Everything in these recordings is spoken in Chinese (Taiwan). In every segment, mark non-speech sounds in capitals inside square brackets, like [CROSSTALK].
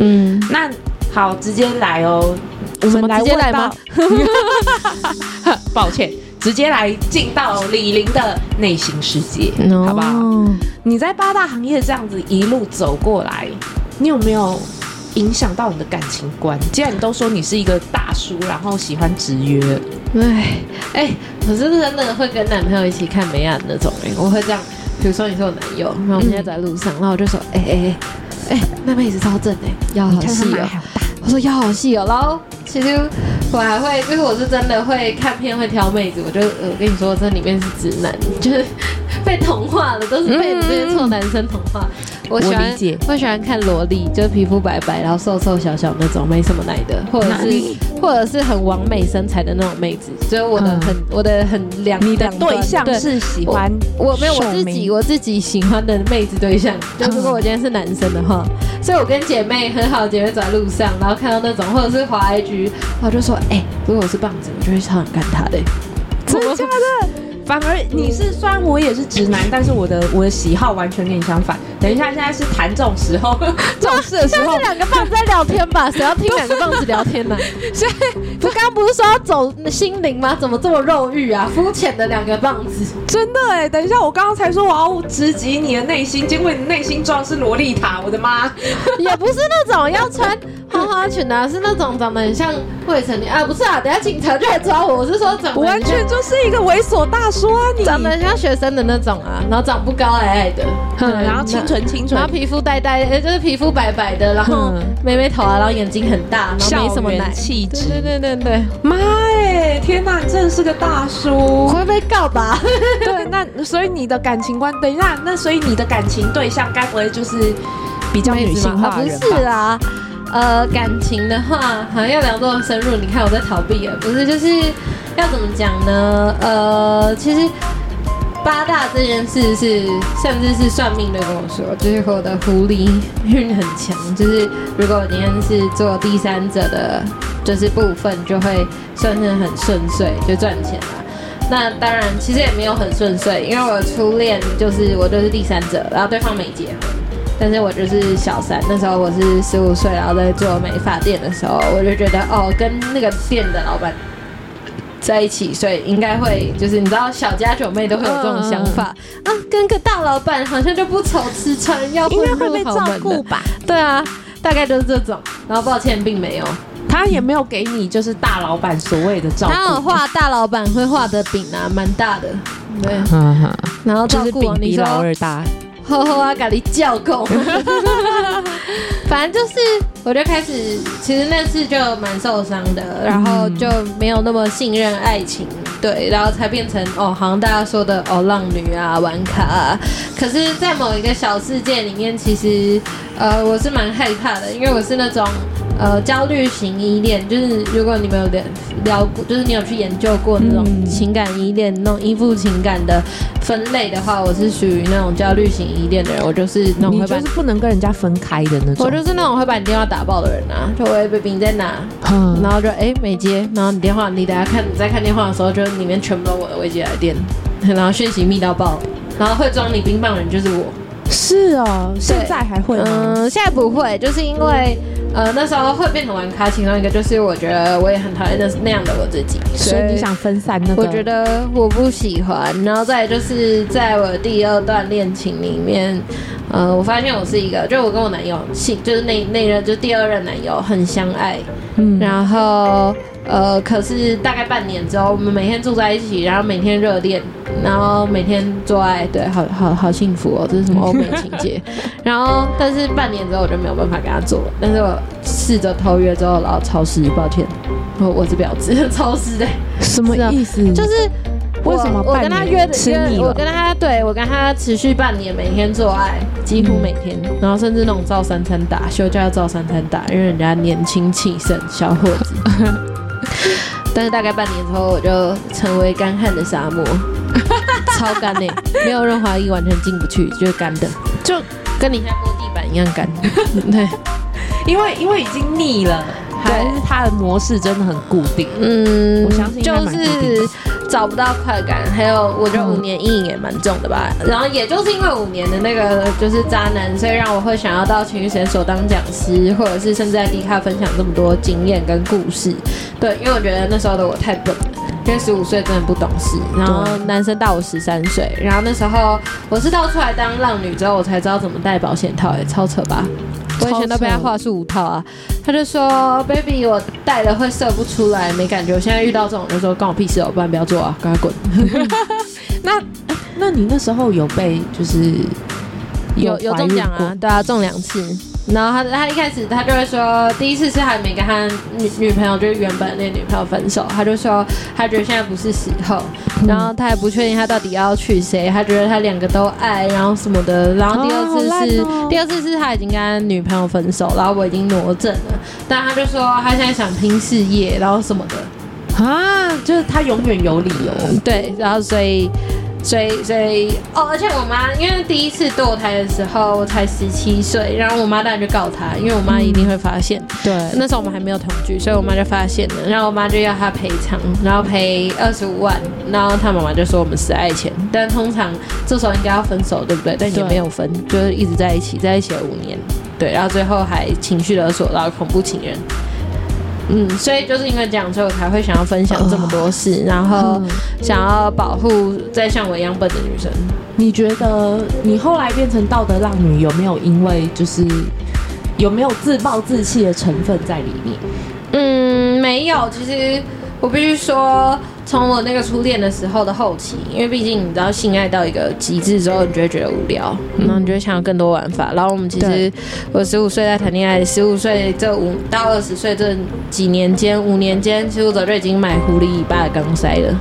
嗯那，那好，直接來哦。我們來我麼直接來吧。 [LAUGHS] 抱歉，直接來進到里琳的內心世界，No 好不好？你在八大行業這樣子一路走過來，你有沒有影響到你的感情觀？既然你都說你是一個大叔，然後喜歡直約，哎哎，我是真的會跟男朋友一起看美雅那種，我會這樣，比如說你是我男友，嗯、然後我現在在路上，然後我就說，哎哎。哎、欸，那妹子超正的，腰好細哦、喔。看看好大，我說腰好細哦、喔，然後其實我還會，就是我是真的會看片會挑妹子，我就、呃、我跟你說，我這裡面是直男，就是被同化了，都是被這些臭男生同化。嗯我喜歡，我，我喜歡看蘿莉，就是皮膚白白，然後瘦瘦小小那種，沒什麼奶的，或者是，裡或者是很完美身材的那種妹子。所以我的很，嗯、我的很兩，你的對象是喜歡我？我沒有，命我自己我自己喜歡的妹子對象，就是、如果我今天是男生的話，嗯、所以我跟姐妹很好，姐妹走在路上，然後看到那種，或者是滑 IG，我就說，哎、欸，如果我是棒子，我就會超想幹他的。真的，假的。反而你是雖然我也是直男，但是我的我的喜好完全跟你相反。等一下，現在是談這種時候，這種事的時候，兩個棒子在聊天吧？誰要聽兩個棒子聊天呢、啊？ [LAUGHS] 所以，你剛剛不是說要走心靈嗎？怎麼這麼肉欲啊？膚淺的兩個棒子，真的、欸！等一下，我剛剛才說我要直擊你的內心，因為你內心裝是蘿莉塔，我的媽， [LAUGHS] 也不是那種要穿。好好全察，是那種長得很像未成年啊。不是啊，等下警察就來抓我。我是說，完全就是一個猥瑣大叔啊！你長得很像學生的那種啊，然後長不高，矮矮的，對嗯、然後清純清純，然後皮膚白白，就是皮膚白白的，然後妹妹、嗯、頭啊，然後眼睛很大，然後沒什麼校園氣質，對對，對對對對。媽耶、欸！天哪、啊，你真的是個大叔，會被告吧？ [LAUGHS] 對，那所以你的感情觀，等一下，那所以你的感情對象該不會就是比較女性化、啊？不是啊。呃，感情的話，好像要聊多深入？你看我在逃避啊，不是？就是要怎麼講呢？呃，其實八大這件事是，甚至是算命的跟我說，就是我的狐狸運很強，就是如果我今天是做第三者的，就是部分就會算是很順遂，就賺錢啦。那當然，其實也沒有很順遂，因為我初戀就是我就是第三者，然後對方沒結婚。但是我就是小三，那時候我是十五歲，然後在做美髮店的時候，我就覺得哦，跟那個店的老板在一起，所以應該會就是你知道小家九妹都會有這種想法、uh, 啊，跟個大老板好像就不愁吃穿，要應該會被照顧吧？對啊，大概就是這種。然後抱歉，並沒有，嗯、他也沒有給你就是大老板所謂的照顧。他有畫大老板會畫的餅啊，蠻大的，對、啊， [LAUGHS] 然後照顧比老二大。 [LAUGHS] 呵呵啊，咖喱教工， [LAUGHS] 反正就是，我就開始，其實那次就蠻受傷的，然後就沒有那麼信任愛情，對，然後才變成哦，好像大家說的哦，浪女啊，玩卡啊，可是，在某一個小世界裡面，其實，呃，我是蠻害怕的，因為我是那種。呃，焦慮型依戀就是，如果你沒有點聊過，就是你有去研究過那種情感依戀、嗯、那種依附情感的分類的話，我是屬於那種焦慮型依戀的人。我就是那種會，把，就是不能跟人家分開的那種。我就是那種會把你電話打爆的人啊！就會被你在哪，嗯，然後就哎沒、欸、接，然後你電話，你等下看你在看電話的時候，就裡面全部都是我的未接來電，然後訊息密到爆，然後會裝你冰棒的人就是我。是哦、啊，對現在還會？嗯、呃，現在不會，就是因為。嗯呃，那時候會變成玩咖，其中一個就是我覺得我也很討厭那那樣的我自己，所以，所以你想分散那個？我覺得我不喜歡，然後再就是在我第二段戀情裡面。呃，我發現我是一個，就是我跟我男友幸，就是那那任、個、就第二任男友很相愛，嗯，然後呃，可是大概半年之後，我們每天住在一起，然後每天熱戀，然後每天做愛，對，好好好幸福哦，這是什麼歐美情節？ [LAUGHS] 然後，但是半年之後我就沒有辦法跟他做，但是我試着偷約之後，然後超時，抱歉，我我是婊子，超時的。什麼意思？ [LAUGHS] 就是。為什麼半年我，我跟他約着約我跟他對我跟他持續半年每天做愛，幾乎每天、嗯、然後甚至那種照三餐打休假要照三餐打因為人家年輕氣盛小伙子， [LAUGHS] [LAUGHS] 但是大概半年之後我就成為乾旱的沙漠， [LAUGHS] 超乾的，欸，沒有潤滑液完全進不去就是乾的 [LAUGHS] 就跟你現在拖地板一樣乾 [LAUGHS] 對，因為因為已經膩了。對，是他的模式真的很固定。嗯，我相信的就是找不到快感，還有我覺得五年陰影也蠻重的吧。嗯、然後也就是因為五年的那個就是渣男，所以讓我會想要到情緒診所當講師，或者是現在 Dcard 分享這麼多經驗跟故事。對，因為我覺得那時候的我太笨了，因為十五歲真的不懂事。然後男生大我十三歲，然後那時候我是到出來當浪女之後，我才知道怎麼戴保險套、欸，哎，超扯吧。我以前都被他話術五套啊，他就說：“baby，我戴了會射不出來，沒感覺。”我現在遇到這種，就說關我屁事、喔，我不然不要做啊，趕快滾。 [LAUGHS] [LAUGHS] 那，那你那時候有被就是有有,有中獎啊？對啊，中兩次。然後他他一開始他就會說，第一次是還沒跟他女女朋友，就是原本那女朋友分手，他就說他覺得現在不是時候，然後他也不確定他到底要娶誰，他覺得他兩個都愛，然後什麼的。然後第二次是、哦哦、第二次是他已經跟他女朋友分手，然後我已經挪正了，但他就說他現在想拼事業，然後什麼的啊，就是他永遠有理由，對，然後所以。所以，所以，哦，而且我媽因為第一次墮胎的時候我才十七歲，然後我媽當然就告她，因為我媽一定會發現。嗯、對，那時候我們還沒有同居，所以我媽就發現了，然後我媽就要她賠償，然後賠二十五萬，然後她媽媽就說我們是愛錢，但通常這時候應該要分手，對不對？但也沒有分，對就是一直在一起，在一起了五年，對，然後最後還情緒勒索到恐怖情人。嗯，所以就是因為這樣，所以我才會想要分享這麼多事，哦、然後想要保護再像我一樣笨的女生。你覺得你後來變成道德浪女，有沒有因為就是有沒有自暴自棄的成分在裡面？嗯，沒有。其實我必須說。從我那個初戀的時候的後期，因為畢竟你知道，性愛到一個極致之後，你就會覺得無聊，嗯、然後你就會想要更多玩法。然後我們其實，對我十五歲在談戀愛，十五歲這五到二十歲這幾年間，五年間，其實我早就已經買狐狸尾巴的鋼塞了。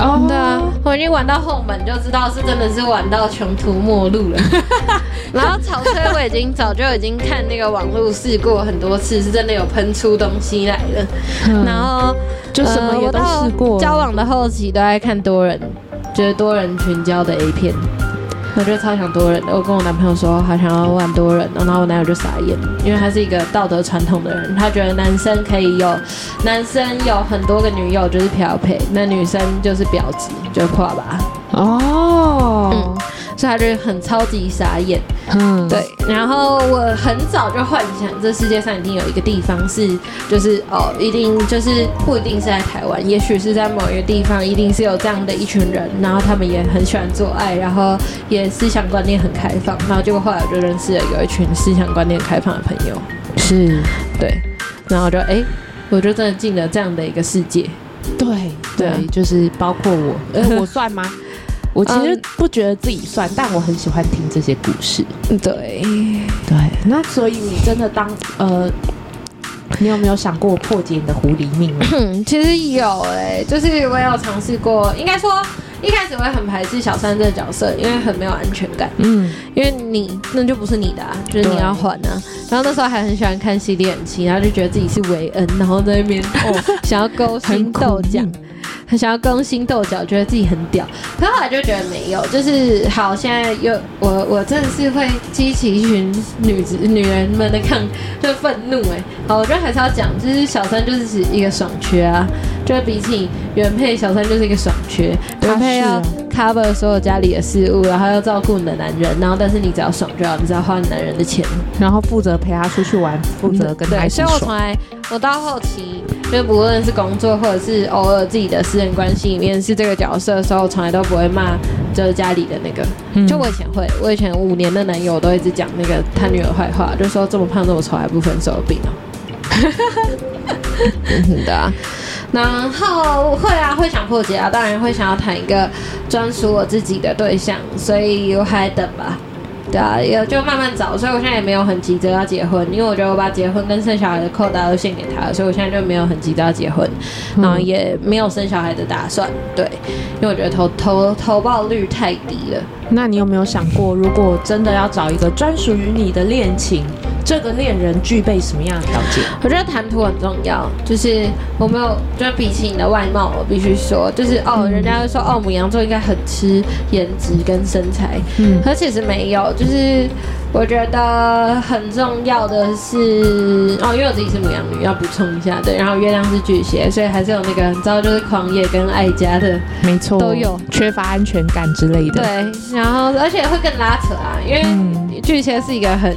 真的、oh. 啊，我已經玩到後門，就知道是真的是玩到窮途末路了。 [LAUGHS] 然後潮吹，我已經早就已經看那個網路試過很多次，是真的有噴出東西來了。Oh. 然後就什麼也都試過。呃、交往的後期都愛看多人，覺、就、得、是、多人群交的 A 片。我覺得超想多人的，我跟我男朋友說，好想要玩多人，然後我男友就傻眼，因為他是一個道德傳統的人，他覺得男生可以有，男生有很多個女友就是標配，那女生就是婊子，就跨吧。哦。所以他就很超級傻眼，嗯，對。然後我很早就幻想，這世界上一定有一個地方是，就是哦，一定就是不一定是在台灣，也許是在某一個地方，一定是有這樣的一群人，然後他們也很喜歡做愛，然後也思想觀念很開放。然後結果後來我就認識了有一群思想觀念開放的朋友，是，對。然後就哎、欸，我就真的進了這樣的一個世界，對對，對對啊、就是包括我，嗯，我算嗎？ [LAUGHS] 我其實不覺得自己算，嗯、但我很喜歡聽這些故事。對，對，那所以你真的當呃，你有沒有想過破解你的狐狸命，嗯？其實有哎、欸，就是我有嘗試過，應該說一開始我也很排斥小三這個角色，因為很沒有安全感。嗯，因為你那就不是你的，啊，就是你要還啊。對然後那時候還很喜歡看系《吸血鬼日記》，然後就覺得自己是維恩，然後在那邊 [LAUGHS] 哦，想要勾心鬥角。很想要勾心鬥角，覺得自己很屌，可後來就覺得沒有，就是好。現在又我我真的是會激起一群女子女人們的抗，就憤怒哎。好，我覺得還是要講，就是小三就是指一個爽缺啊。就比起原配，小三就是一個爽缺。原配要 cover 所有家裡的事物，然後要照顧你的男人，然後但是你只要爽就好，你只要花你男人的錢，然後負責陪他出去玩，負責跟他一起、嗯。所以我從來我到後期，因為不論是工作或者是偶爾自己的私人關係裡面是這個角色的時候，我從來都不會罵就是家裡的那個，嗯、就我以前會，我以前五年的男友我都一直講那個他女兒壞話，就說這麼胖這麼醜還不分手的病的、啊。 [LAUGHS] [LAUGHS] [LAUGHS] 然後會啊，會想破解啊，當然會想要談一個專屬我自己的對象，所以我還等吧，對啊，也就慢慢找，所以我現在也沒有很急着要結婚，因為我覺得我把結婚跟生小孩的扣打都獻給他了，所以我現在就沒有很急着要結婚，嗯、然後也沒有生小孩的打算，對，因為我覺得投投投報率太低了。那你有沒有想過，如果真的要找一個專屬於你的戀情？這個戀人具備什麼樣的條件？我覺得談吐很重要。就是我沒有，就是比起你的外貌，我必須說，就是哦，嗯、人家會說哦，牡羊座應該很吃顏值跟身材，嗯，可其實沒有。就是我覺得很重要的是哦，因為我自己是牡羊女，要補充一下，對。然後月亮是巨蟹，所以還是有那個你知道，就是狂野跟愛家的，沒錯，都有缺乏安全感之類的。對，然後而且會更拉扯啊，因為、嗯、巨蟹是一個很。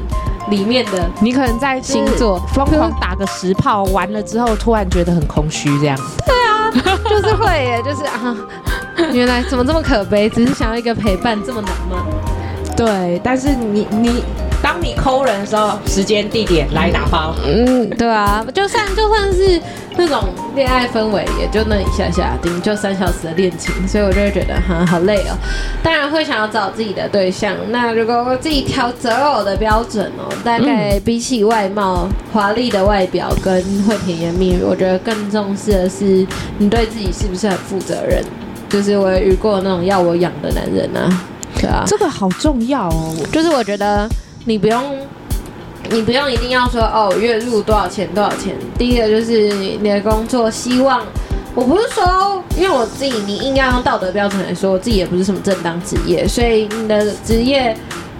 裡面的你可能在星座，就是，瘋狂打個十炮，完了之後突然覺得很空虛，這樣。對啊，就是會耶， [LAUGHS] 就是啊，原來怎麼這麼可悲？只是想要一個陪伴，這麼難嗎？ [LAUGHS] 對，但是你你。當你摳人的時候，時間、地點來打包，嗯。嗯，對啊，就算就算是那種戀愛氛圍，也就那一下下，頂就三小時的戀情，所以我就會覺得哈，好累哦。當然會想要找自己的對象。那如果我自己挑擇偶的標準哦，大概比起外貌、華麗的外表跟會甜言蜜語，我覺得更重視的是你對自己是不是很負責任。就是我也遇過那種要我養的男人啊。對啊，這個好重要哦。就是我覺得。你不用，你不用一定要說哦，月入多少錢？多少錢？第一個就是你的工作，希望我不是說，因為我自己，你應該用道德標準來說，我自己也不是什麼正當職業，所以你的職業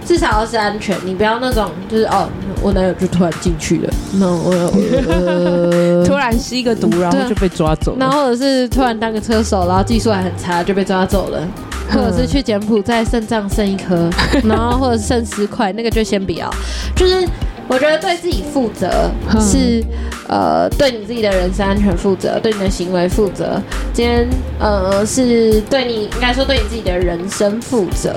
至少要是安全。你不要那種就是哦，我男友就突然進去了，那我突然吸一個毒，然後就被抓走。那或者是突然當個車手，然後技術還很差，就被抓走了。或者是去柬埔寨腎臟剩一顆， [LAUGHS] 然後或者是剩十塊，那個就先不要。就是我覺得對自己負責是，是 [LAUGHS] 呃對你自己的人身安全負責，對你的行為負責。今天呃是對你應該說，對你自己的人生負責。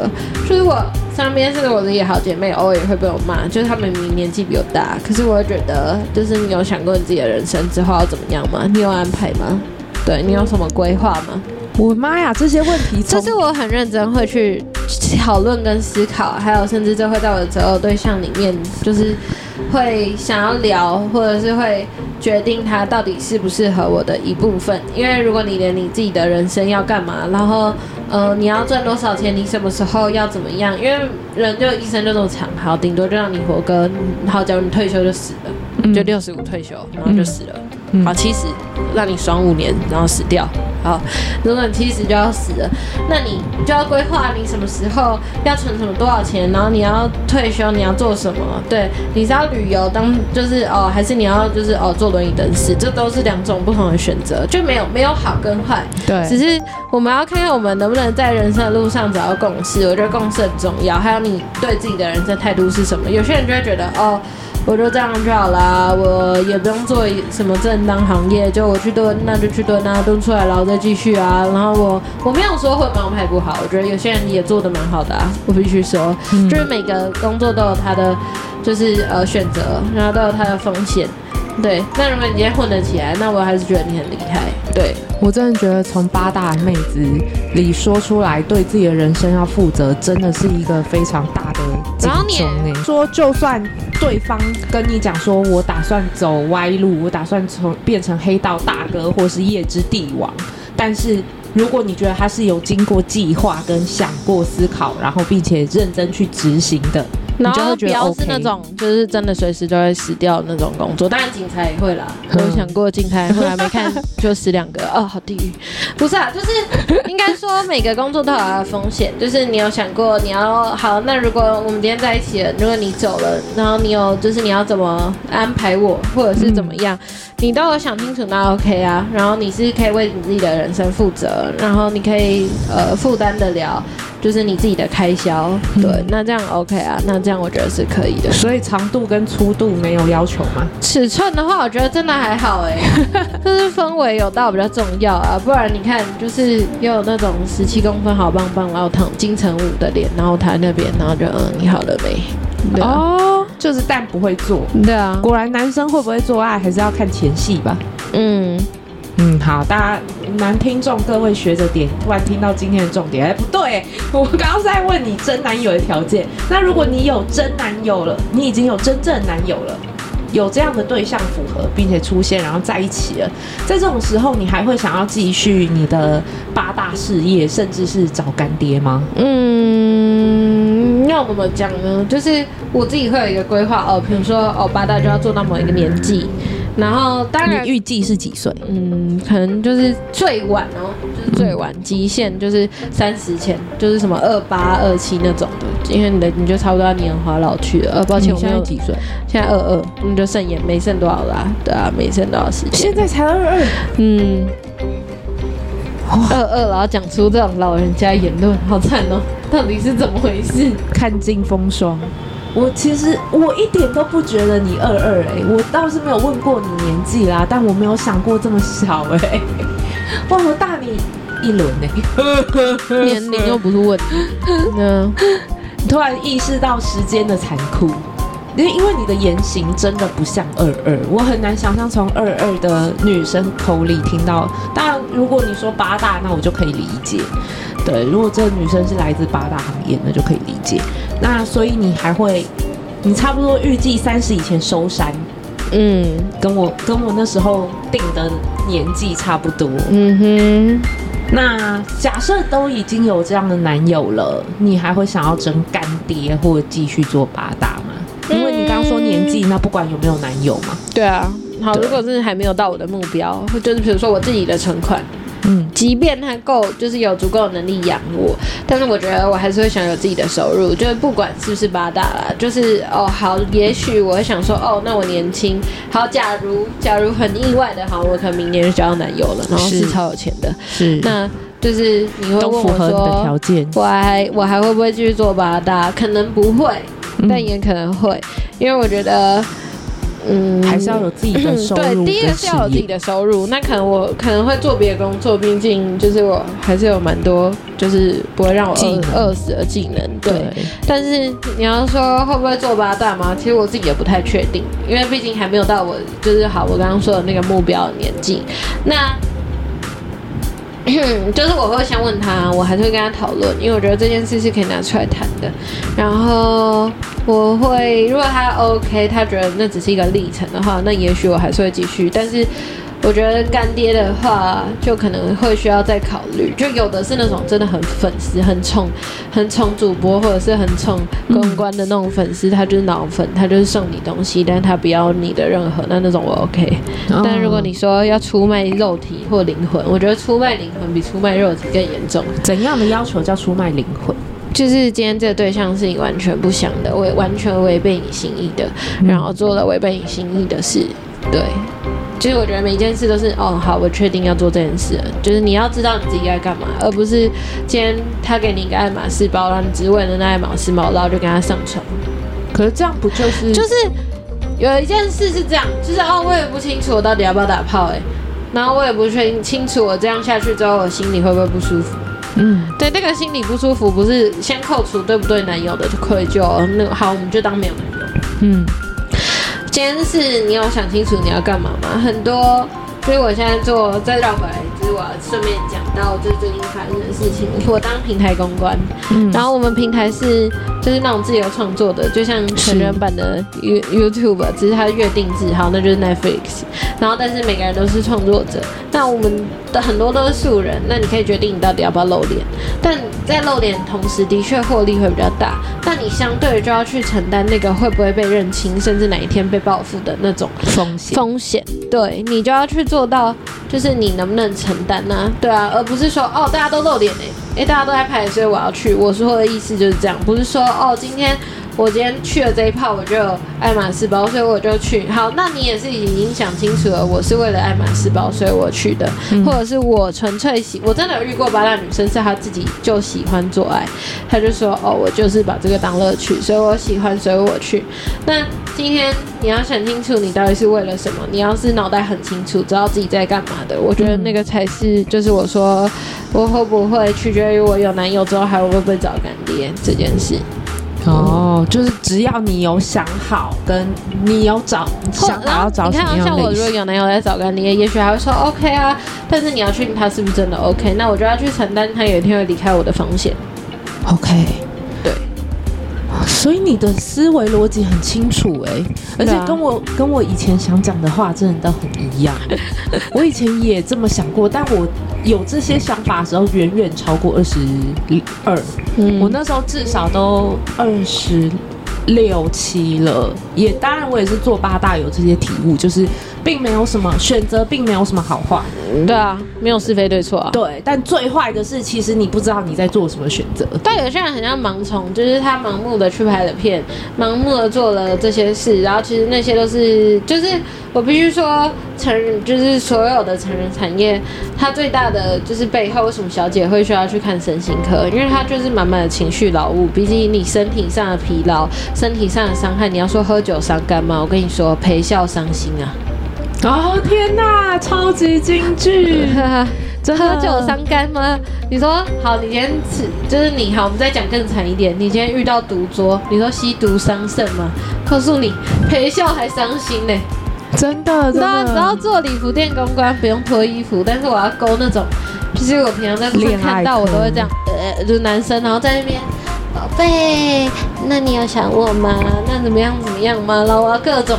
就以、是、我上邊是我自己的好姐妹，偶、哦、爾也會被我罵，就是他們明明年紀比我大，可是我會覺得，就是你有想過你自己的人生之後要怎麼樣嗎？你有安排嗎？對你有什麼規劃嗎？我媽呀，這些問題！這是我很認真會去討論跟思考，還有甚至就會在我的擇偶對象裡面，就是會想要聊，或者是會決定他到底適不適合我的一部分。因為如果你連你自己的人生要幹嘛，然後呃，你要賺多少錢，你什麼時候要怎麼樣？因為人就一生就這麼長，好，頂多就讓你活個，好假如你退休就死了，就六十五退休，然後就死了。好七十，哦、70，讓你爽五年，然後死掉。好，如果你七十就要死了，那你就要規劃你什麼時候要存什麼多少錢，然後你要退休，你要做什麼？對，你是要旅遊，當就是哦，還是你要就是哦坐輪椅等死？這都是兩種不同的選擇，就沒有沒有好跟壞。對，只是我們要看看我們能不能在人生的路上找到共識。我覺得共識很重要。還有你對自己的人生態度是什麼？有些人就會覺得哦。我就這樣就好了、啊，我也不用做什麼正當行業，就我去蹲，那就去蹲啊，蹲出來然後再繼續啊。然後我我沒有說混黃牌不好，我覺得有些人也做的蠻好的啊，我必須說，嗯、就是每個工作都有它的，就是呃選擇，然後都有它的風險。對，那如果你今天混得起來，那我還是覺得你很厲害。對。我真的覺得，從八大妹子裡說出來，對自己的人生要負責，真的是一個非常大的、欸。然後你說，就算對方跟你講說，我打算走歪路，我打算從變成黑道大哥或是夜之帝王，但是如果你覺得他是有經過計劃跟想過思考，然後並且認真去執行的。然後不要是那種，就是真的隨時就會死掉那種工作，OK、當然警察也會啦。我有、嗯、想過警察，沒看就死兩個 [LAUGHS] 哦，好地獄。不是啊，就是應該說每個工作都有它的風險。就是你有想過你要好，那如果我們今天在一起了，如果你走了，然後你有就是你要怎麼安排我，或者是怎麼樣？嗯、你都有想清楚那 OK 啊？然後你是可以為你自己的人生負責，然後你可以呃負擔的了。就是你自己的開銷，對，那這樣 OK 啊，那這樣我覺得是可以的。所以長度跟粗度沒有要求嗎？尺寸的話，我覺得真的還好哎，就是氛圍有到比較重要啊，不然你看，就是又有那種十七公分好棒棒，然後躺金城武的臉，然後他那邊，然後就嗯，你好了沒？對啊，哦，就是但不會做，對啊，果然男生會不會做愛、啊，還是要看前戲吧，嗯。嗯，好，大家男聽眾，各位學著點，突然聽到今天的重點，哎、欸，不對，我剛剛是在問你真男友的條件。那如果你有真男友了，你已經有真正男友了，有這樣的對象符合並且出現，然後在一起了，在這種時候，你還會想要繼續你的八大事業，甚至是找乾爹嗎？嗯，要怎麼講呢？就是我自己會有一個規劃哦，比如說，哦，八大就要做到某一個年紀。然後，當然，你預計是幾歲？嗯，可能就是最晚哦，就是最晚、嗯、極限就是三十前，就是什麼二八二七那種的，因為你的你就差不多要年華老去了。呃、啊，抱歉，嗯、我現在幾歲？現在二二、嗯，你就剩也沒剩多少啦，對啊，沒剩多少時間。現在才二二，嗯，二二哇，然後講出這種老人家言論，好慘哦，到底是怎麼回事？ [LAUGHS] 看盡風霜。我其實我一點都不覺得你二二欸。我倒是沒有問過你年紀啦，但我沒有想過這麼小欸。哇，我大你一輪欸， [LAUGHS] 年齡又不是問題。嗯，No. 突然意識到時間的殘酷，因為，因為你的言行真的不像二二，我很難想象從二二的女生口裡聽到。當然，如果你說八大，那我就可以理解。對，如果這個女生是來自八大行業的，那就可以理解。那所以你還會，你差不多預計三十以前收山，嗯，跟我跟我那時候定的年紀差不多。嗯哼。那假設都已經有這樣的男友了，你還會想要爭乾爹或者繼續做八大嗎？嗯。因為你剛說年紀，那不管有沒有男友嘛。對啊。好，對如果是還沒有到我的目標，就是比如說我自己的存款。嗯，即便他夠，就是有足夠的能力養我，但是我覺得我還是會想有自己的收入。就是不管是不是八大啦。就是哦，好，也許我會想說，哦，那我年輕，好，假如假如很意外的，好，我可能明年就交到男友了，然後是超有錢的，是那就是你會問我說，我還我還會不會繼續做八大？可能不會，但也可能會，嗯，因為我覺得。.嗯，還是要有自己的收入的。對，第一個是要有自己的收入。那可能我可能會做別的工作，畢竟就是我還是有蠻多就是不會讓我餓餓能死的技能。對，對，但是你要說會不會做八大嗎？其實我自己也不太確定，因為畢竟還沒有到我就是好我剛剛說的那個目標的年紀。嗯，那。 [COUGHS] 就是我會先問他，我還是會跟他討論，因為我覺得這件事是可以拿出來談的。然後我會，如果他 OK，他覺得那只是一個歷程的話，那也許我還是會繼續，但是。我覺得乾爹的話，就可能會需要再考慮。就有的是那種真的很粉絲，很寵，很寵主播，或者是很寵公關的那種粉絲，嗯、他就是腦粉，他就是送你東西，但是他不要你的任何。那那種我 OK。嗯、但如果你說要出賣肉體或靈魂，我覺得出賣靈魂比出賣肉體更嚴重。怎樣的要求叫出賣靈魂？就是今天這個對象是你完全不想的，我也完全違背你心意的，嗯、然後做了違背你心意的事。對，其實我覺得每一件事都是，哦，好，我確定要做這件事，就是你要知道你自己該幹嘛，而不是今天他給你一個愛馬仕包，然後你只為了那愛馬仕包，然後就跟他上床。可是這樣不就是？就是有一件事是這樣，就是哦，我也不清楚我到底要不要打炮哎、欸，然後我也不確定清楚我這樣下去之後，我心裡會不會不舒服？嗯，對，那個心裡不舒服不是先扣除對不對男友的愧疚，那好，我們就當沒有男友。嗯。今天是你要想清楚你要幹嘛嗎？很多。所以我現在做，再繞回來，就是我要順便講到就是最近發生的事情、嗯。嗯、我當平台公關，嗯、然後我們平台是就是那種自由創作的，就像成人版的 You 是 YouTube，只是它月定制好，那就是 Netflix。然後但是每個人都是創作者，那我們的很多都是素人，那你可以決定你到底要不要露臉。但在露臉同時，的確獲利會比較大，但你相對就要去承擔那個會不會被認親，甚至哪一天被報復的那種風險風險險。對，你就要去做。做到就是你能不能承擔呢？啊？對啊，而不是說哦，大家都露臉誒誒，大家都在拍，所以我要去。我說的意思就是這樣，不是說哦，今天。我今天去了這一炮，我就愛馬仕包，所以我就去。好，那你也是已經想清楚了，我是為了愛馬仕包，所以我去的，嗯、或者是我純粹喜，我真的遇過八大女生是她自己就喜歡做愛，她就說哦，我就是把這個當樂趣，所以我喜歡，所以我去。那今天你要想清楚，你到底是為了什麼？你要是腦袋很清楚，知道自己在幹嘛的，我覺得那個才是，就是我說我會不會取決於我有男友之後，還會不會找乾爹這件事。哦，oh, 就是只要你有想好，跟你有找想好要找，你看，像我如果有男友在找跟你也，也許他會說 OK 啊，但是你要確定他是不是真的 OK，那我就要去承擔他有一天會離開我的風險。OK。所以你的思維邏輯很清楚誒，而且跟我跟我以前想講的話真的都很一樣。我以前也這麼想過，但我有這些想法的時候，遠遠超過二十二。我那時候至少都二十。六七了，也當然我也是做八大有這些體悟，就是並沒有什麼選擇，並沒有什麼好壞。對啊，沒有是非對錯啊。對，但最壞的是，其實你不知道你在做什麼選擇，但有些人很像盲從，就是他盲目的去拍了片，盲目的做了這些事，然後其實那些都是就是。我必須說，成人就是所有的成人產業，它最大的就是背後，為什麼小姐會需要去看身心科？因為她就是滿滿的情緒勞務。畢竟你身體上的疲勞、身體上的傷害，你要說喝酒傷肝嗎？我跟你說，陪笑傷心啊！哦天哪、啊，超級金句！喝酒傷肝嗎？你說好，你今天吃就是你好，我們再講更慘一點。你今天遇到毒桌，你說吸毒傷腎嗎？告訴你，陪笑還傷心呢、欸。真的，真的，只要做禮服店公關，不用脫衣服。但是我要勾那種，就是我平常在公司看到，我都會這樣，呃，就是男生，然後在那邊，寶貝，那你有想我嗎？那怎麼樣怎麼樣嗎？然後我要各種。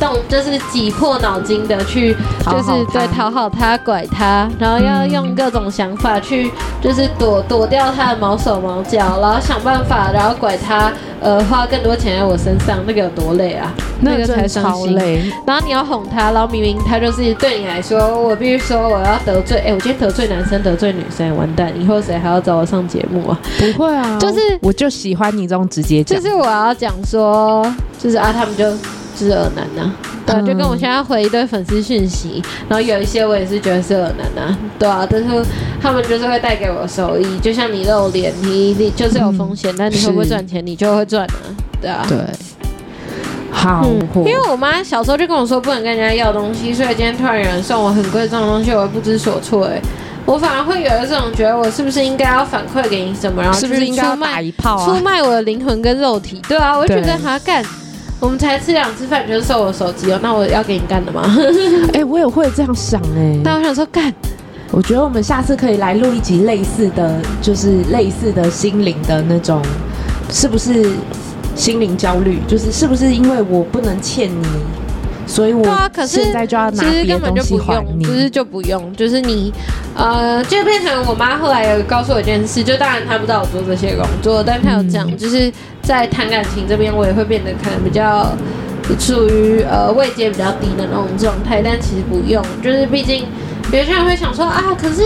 動就是擠破腦筋的去，就是在討好他，對，討好他、拐他，然後要用各種想法去，就是躲躲掉他的毛手毛腳，然後想辦法，然後拐他，呃，花更多錢在我身上，那個有多累啊？那個，那個真，才算超累。然後你要哄他，然後明明他就是對你來說，我必須說我要得罪，哎，我今天得罪男生，得罪女生，完蛋，以後誰還要找我上節目啊？不會啊，就是我就喜歡你這種直接講，就是我要講說，就是啊，他們就。是爾男吶，對,就跟我現在回一堆粉絲訊息,然後有一些我也是覺得是爾男吶、啊,對啊,但是他們就是會帶給我收益,就像你露臉,你就是有風險,嗯、但你會不會賺錢,是你就會賺啊,對啊,對,好,嗯、好因為我媽小時候就跟我說不能跟人家要東西,所以今天突然有人送我很貴重的東西,我不知所措,哎,我反而會有一種覺得我是不是應該要反饋給你什麼,然後是不是應該要賣、啊、出賣我的靈魂跟肉體,對啊,我就覺得她幹。我們才吃兩次飯，你就是收我手機哦？那我要給你幹的嗎？哎、 [LAUGHS] 欸，我也會這樣想哎、欸。那我想說幹，我覺得我們下次可以來錄一集類似的就是類似的心靈的那種，是不是心靈焦慮？就是是不是因為我不能欠你，所以我現在就要拿別的東西還你？可是其實根本就不用、就是就不用，就是你。呃，就變成我媽後來有告訴我一件事，就當然她不知道我做這些工作，但她有講，就是在談感情這邊，我也會變得可能比較處於呃位階比較低的那種狀態，但其實不用，就是畢竟別人會想說啊，可是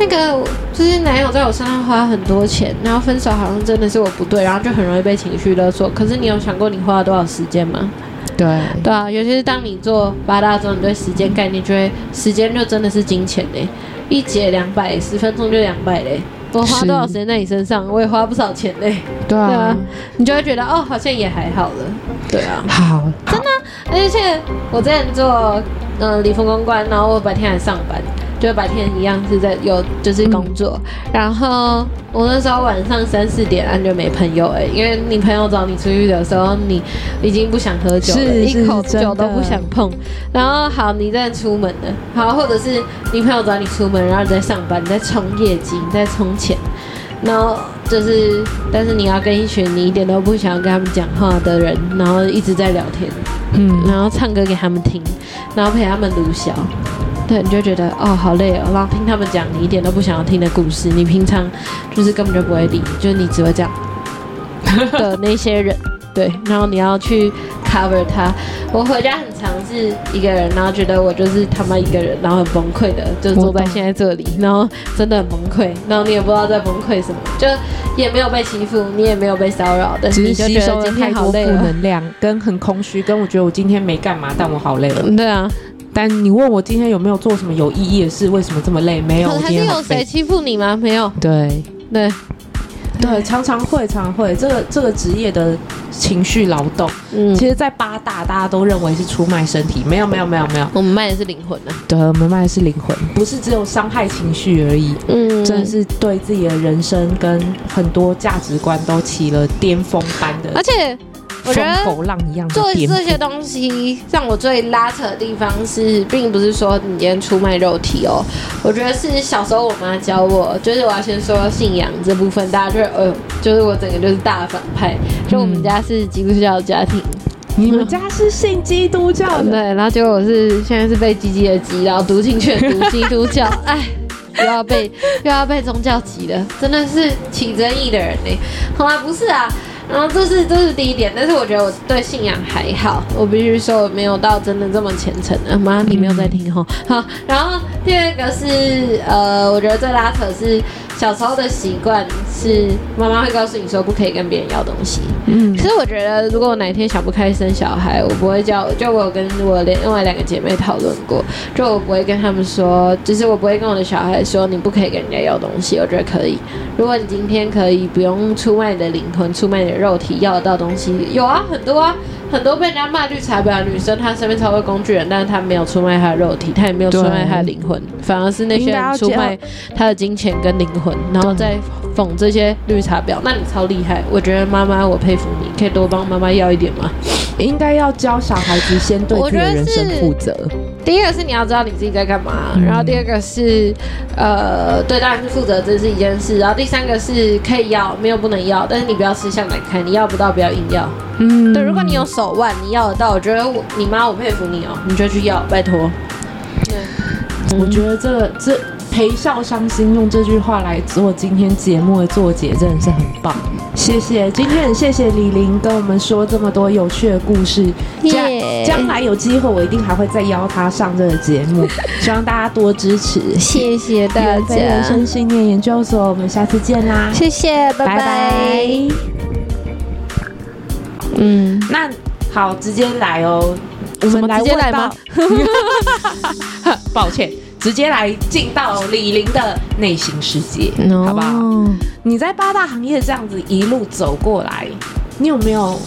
那個就是男友在我身上花很多錢，然後分手好像真的是我不對，然後就很容易被情緒勒索，可是你有想過你花了多少時間嗎？對對啊，尤其是當你做八大鐘，你對時間概念就會，時間就真的是金錢呢。一節兩百，十分鐘就兩百嘞，是我花多少時間在你身上，我也花不少錢嘞，對啊，對啊你就會覺得哦，好像也還好了，對啊，好，真的、啊，好而且我之前做，嗯、呃，禮服公關，然後我白天還上班。就白天一樣是在有就是工作，嗯、然後我那時候晚上三四點，那就沒朋友哎、欸，因為你朋友找你出去的時候，你已經不想喝酒了，是 一口真的 酒都不想碰。然後好，你再出門了好，或者是你朋友找你出門，然後你在上班，你在衝業績，你在衝錢，然後就是，但是你要跟一群你一點都不想跟他們講話的人，然後一直在聊天，嗯，然後唱歌給他們聽，然後陪他們盧小。你就覺得哦，好累哦。然後聽他們講你一點都不想要聽的故事，你平常就是根本就不會理，就是你只會這樣的。的 [LAUGHS] 那些人，對，然後你要去 cover 他。我回家很常是一個人，然後覺得我就是他媽一個人，然後很崩潰的，就是坐在懂現在這裡，然後真的很崩潰，然後你也不知道在崩潰什麼，就也沒有被欺負，你也沒有被騷擾，但是你就覺得今天好累，負能量跟很空虛，跟我覺得我今天沒幹嘛，但我好累了、哦嗯。對啊。但你問我今天有沒有做什麼有意義的事？為什麼這麼累？沒有，還是有誰欺負你嗎？沒有，對對對，常常會，常會。這個這個職業的情緒勞動，嗯，其實，在八大大家都認為是出賣身體，沒有沒有沒有沒有，沒有沒有我們賣的是靈魂呢、啊。對，我們賣的是靈魂，不是只有傷害情緒而已，嗯，真的是對自己的人生跟很多價值觀都起了巔峰般的，而且。風口浪一樣做這些東西，讓我最拉扯的地方是，並不是說你今天出賣肉體哦。我覺得是小時候我媽教我，就是我要先說信仰這部分，大家就是哎、呃、就是我整個就是大反派。就我們家是基督教的家庭，嗯嗯、你們家是信基督教的，對。然後結果我是現在是被基極的激，然後讀進去的讀基督教，哎， [LAUGHS] 又要被又要被宗教激了，真的是起爭議的人呢。好來不是啊。然後這是這是第一點，但是我覺得我對信仰還好，我必須說我沒有到真的這麼虔誠的、啊。媽你沒有在聽哈、哦，好。然後第二個是，呃，我覺得最拉扯是。小時候的習慣是媽媽會告訴你說不可以跟別人要東西。嗯，可是我覺得如果我哪一天想不開生小孩，我不會叫，就我有跟我另外兩個姐妹討論過，就我不會跟他們說，就是我不會跟我的小孩說你不可以跟人家要東西。我覺得可以，如果你今天可以不用出賣你的靈魂、出賣你的肉體，要得到東西，有啊，很多啊。很多被人家罵綠茶婊的女生，她身邊超多工具人，但是她沒有出賣她的肉體，她也沒有出賣她的靈魂。對反而是那些人出賣她的金錢跟靈魂，然後再諷這些綠茶婊，對那你超厲害，我覺得媽媽我佩服你，可以多幫媽媽要一點嗎？ [LAUGHS] 應該要教小孩子先對自己的人生負責。第一個是你要知道你自己在幹嘛，嗯、然後第二個是，呃，對，大人負責，這是一件事。然後第三個是可以要，沒有不能要，但是你不要吃相難看，你要不到不要硬要。嗯，對，如果你有手腕，你要得到，我覺得我你媽，我佩服你哦，你就去要，拜託。嗯、我覺得這這。陪笑傷心，用這句話來做今天節目的作結真的是很棒，謝謝。今天很謝謝里琳跟我們說這麼多有趣的故事，將將來有機會我一定還會再邀她上這個節目，希望大家多支持，謝謝大家。人生信念研究所，我們下次見啦，謝謝，拜拜。嗯，那好，直接來哦，我們來直接來嗎？抱歉。直接來進到里琳的內心世界，No. 好不好？你在八大行業這樣子一路走過來，你有沒有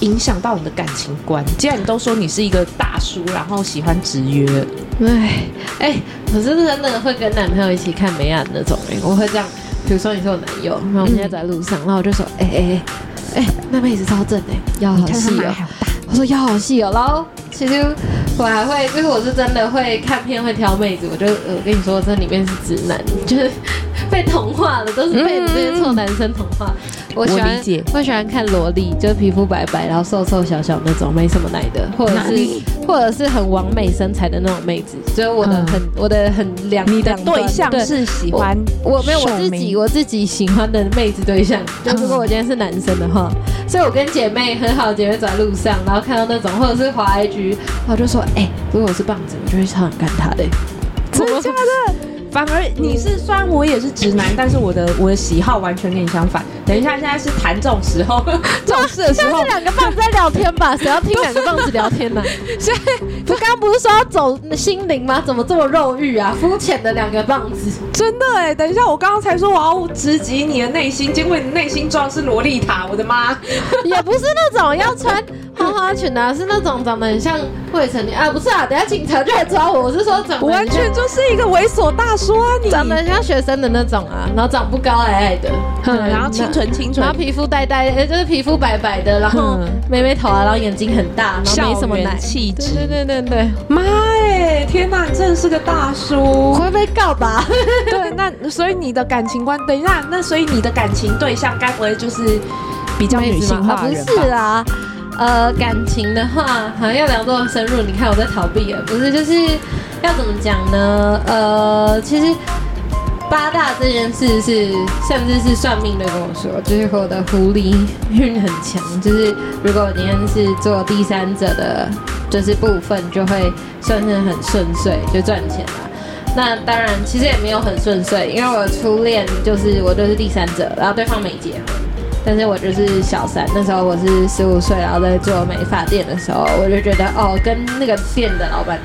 影響到你的感情觀？既然你都說你是一個大叔，然後喜歡直約，哎哎、嗯欸，我是真，真的會跟男朋友一起看美顏那種人，我會這樣，比如說你是我男友，然後我現在在路上，嗯、然後我就說，哎哎哎，哎、欸，那妹子超正哎、欸，腰好細哦、喔，好我說腰好細哦、喔，然後其實。我還會，就是我是真的會看片，會挑妹子。我就我跟你說，這裡面是直男，就是。被同化了，都是被那些臭男生同化。嗯、我喜歡，我，我喜歡看蘿莉，就是皮膚白白，然後瘦瘦小，小小那種，沒什麼奶的，或者是裡或者是很完美身材的那種妹子。所以我的很，嗯、我的很兩的對象是喜歡我，我沒有我自己，命我自己喜歡的妹子對象。就如果我今天是男生的話，所以我跟姐妹很好，姐妹走在路上，然後看到那種，或者是滑 IG 然後就說，哎、欸，如果我是棒子，我就會超想看她的。哇真假的？反而你是，雖然我也是直男，但是我的我的喜好完全跟你相反。等一下，現在是談這種時候， [LAUGHS] 這種事的時候。兩個棒子在聊天吧？誰 [LAUGHS] 要聽兩個棒子聊天呢、啊？ [LAUGHS] 所以，我剛剛不是說要走心靈嗎？怎麼這麼肉慾啊？膚淺的兩個棒子。真的哎、欸，等一下，我剛剛才說我要直擊你的內心，因為你內心裝的是洛麗塔，我的媽！ [LAUGHS] 也不是那種要穿花花裙的、啊， [LAUGHS] 是那種長得很像未成年啊？不是啊，等下警察就來抓我。我是說，完全就是一個猥瑣大叔啊！你。長得很像學生的那種啊，然後長不高矮矮的，然後清。很清純，然後皮膚呆呆的，呃、哎，就是皮膚白白的，然後妹妹頭啊，然後眼睛很大，然後沒什麼氣質，對，對對對對對，媽耶，天哪！你真的是個大叔，會被告吧？ [LAUGHS] 對，那所以你的感情觀，等一下，那所以你的感情對象該不會就是比較女性化，化、啊？不是啦、啊，呃，感情的話，好像要聊這麼深入？你看我在逃避啊，不是，就是要怎麼講呢？呃，其實。八大這件事是，甚至是算命的跟我說，就是我的狐狸運很強，就是如果我今天是做第三者的，就是部分就會算是很順遂，就賺錢了。那當然，其實也沒有很順遂，因為我初戀就是我就是第三者，然後對方沒結婚，但是我就是小三。那時候我是十五歲，然後在做美髮店的時候，我就覺得哦，跟那個店的老闆。.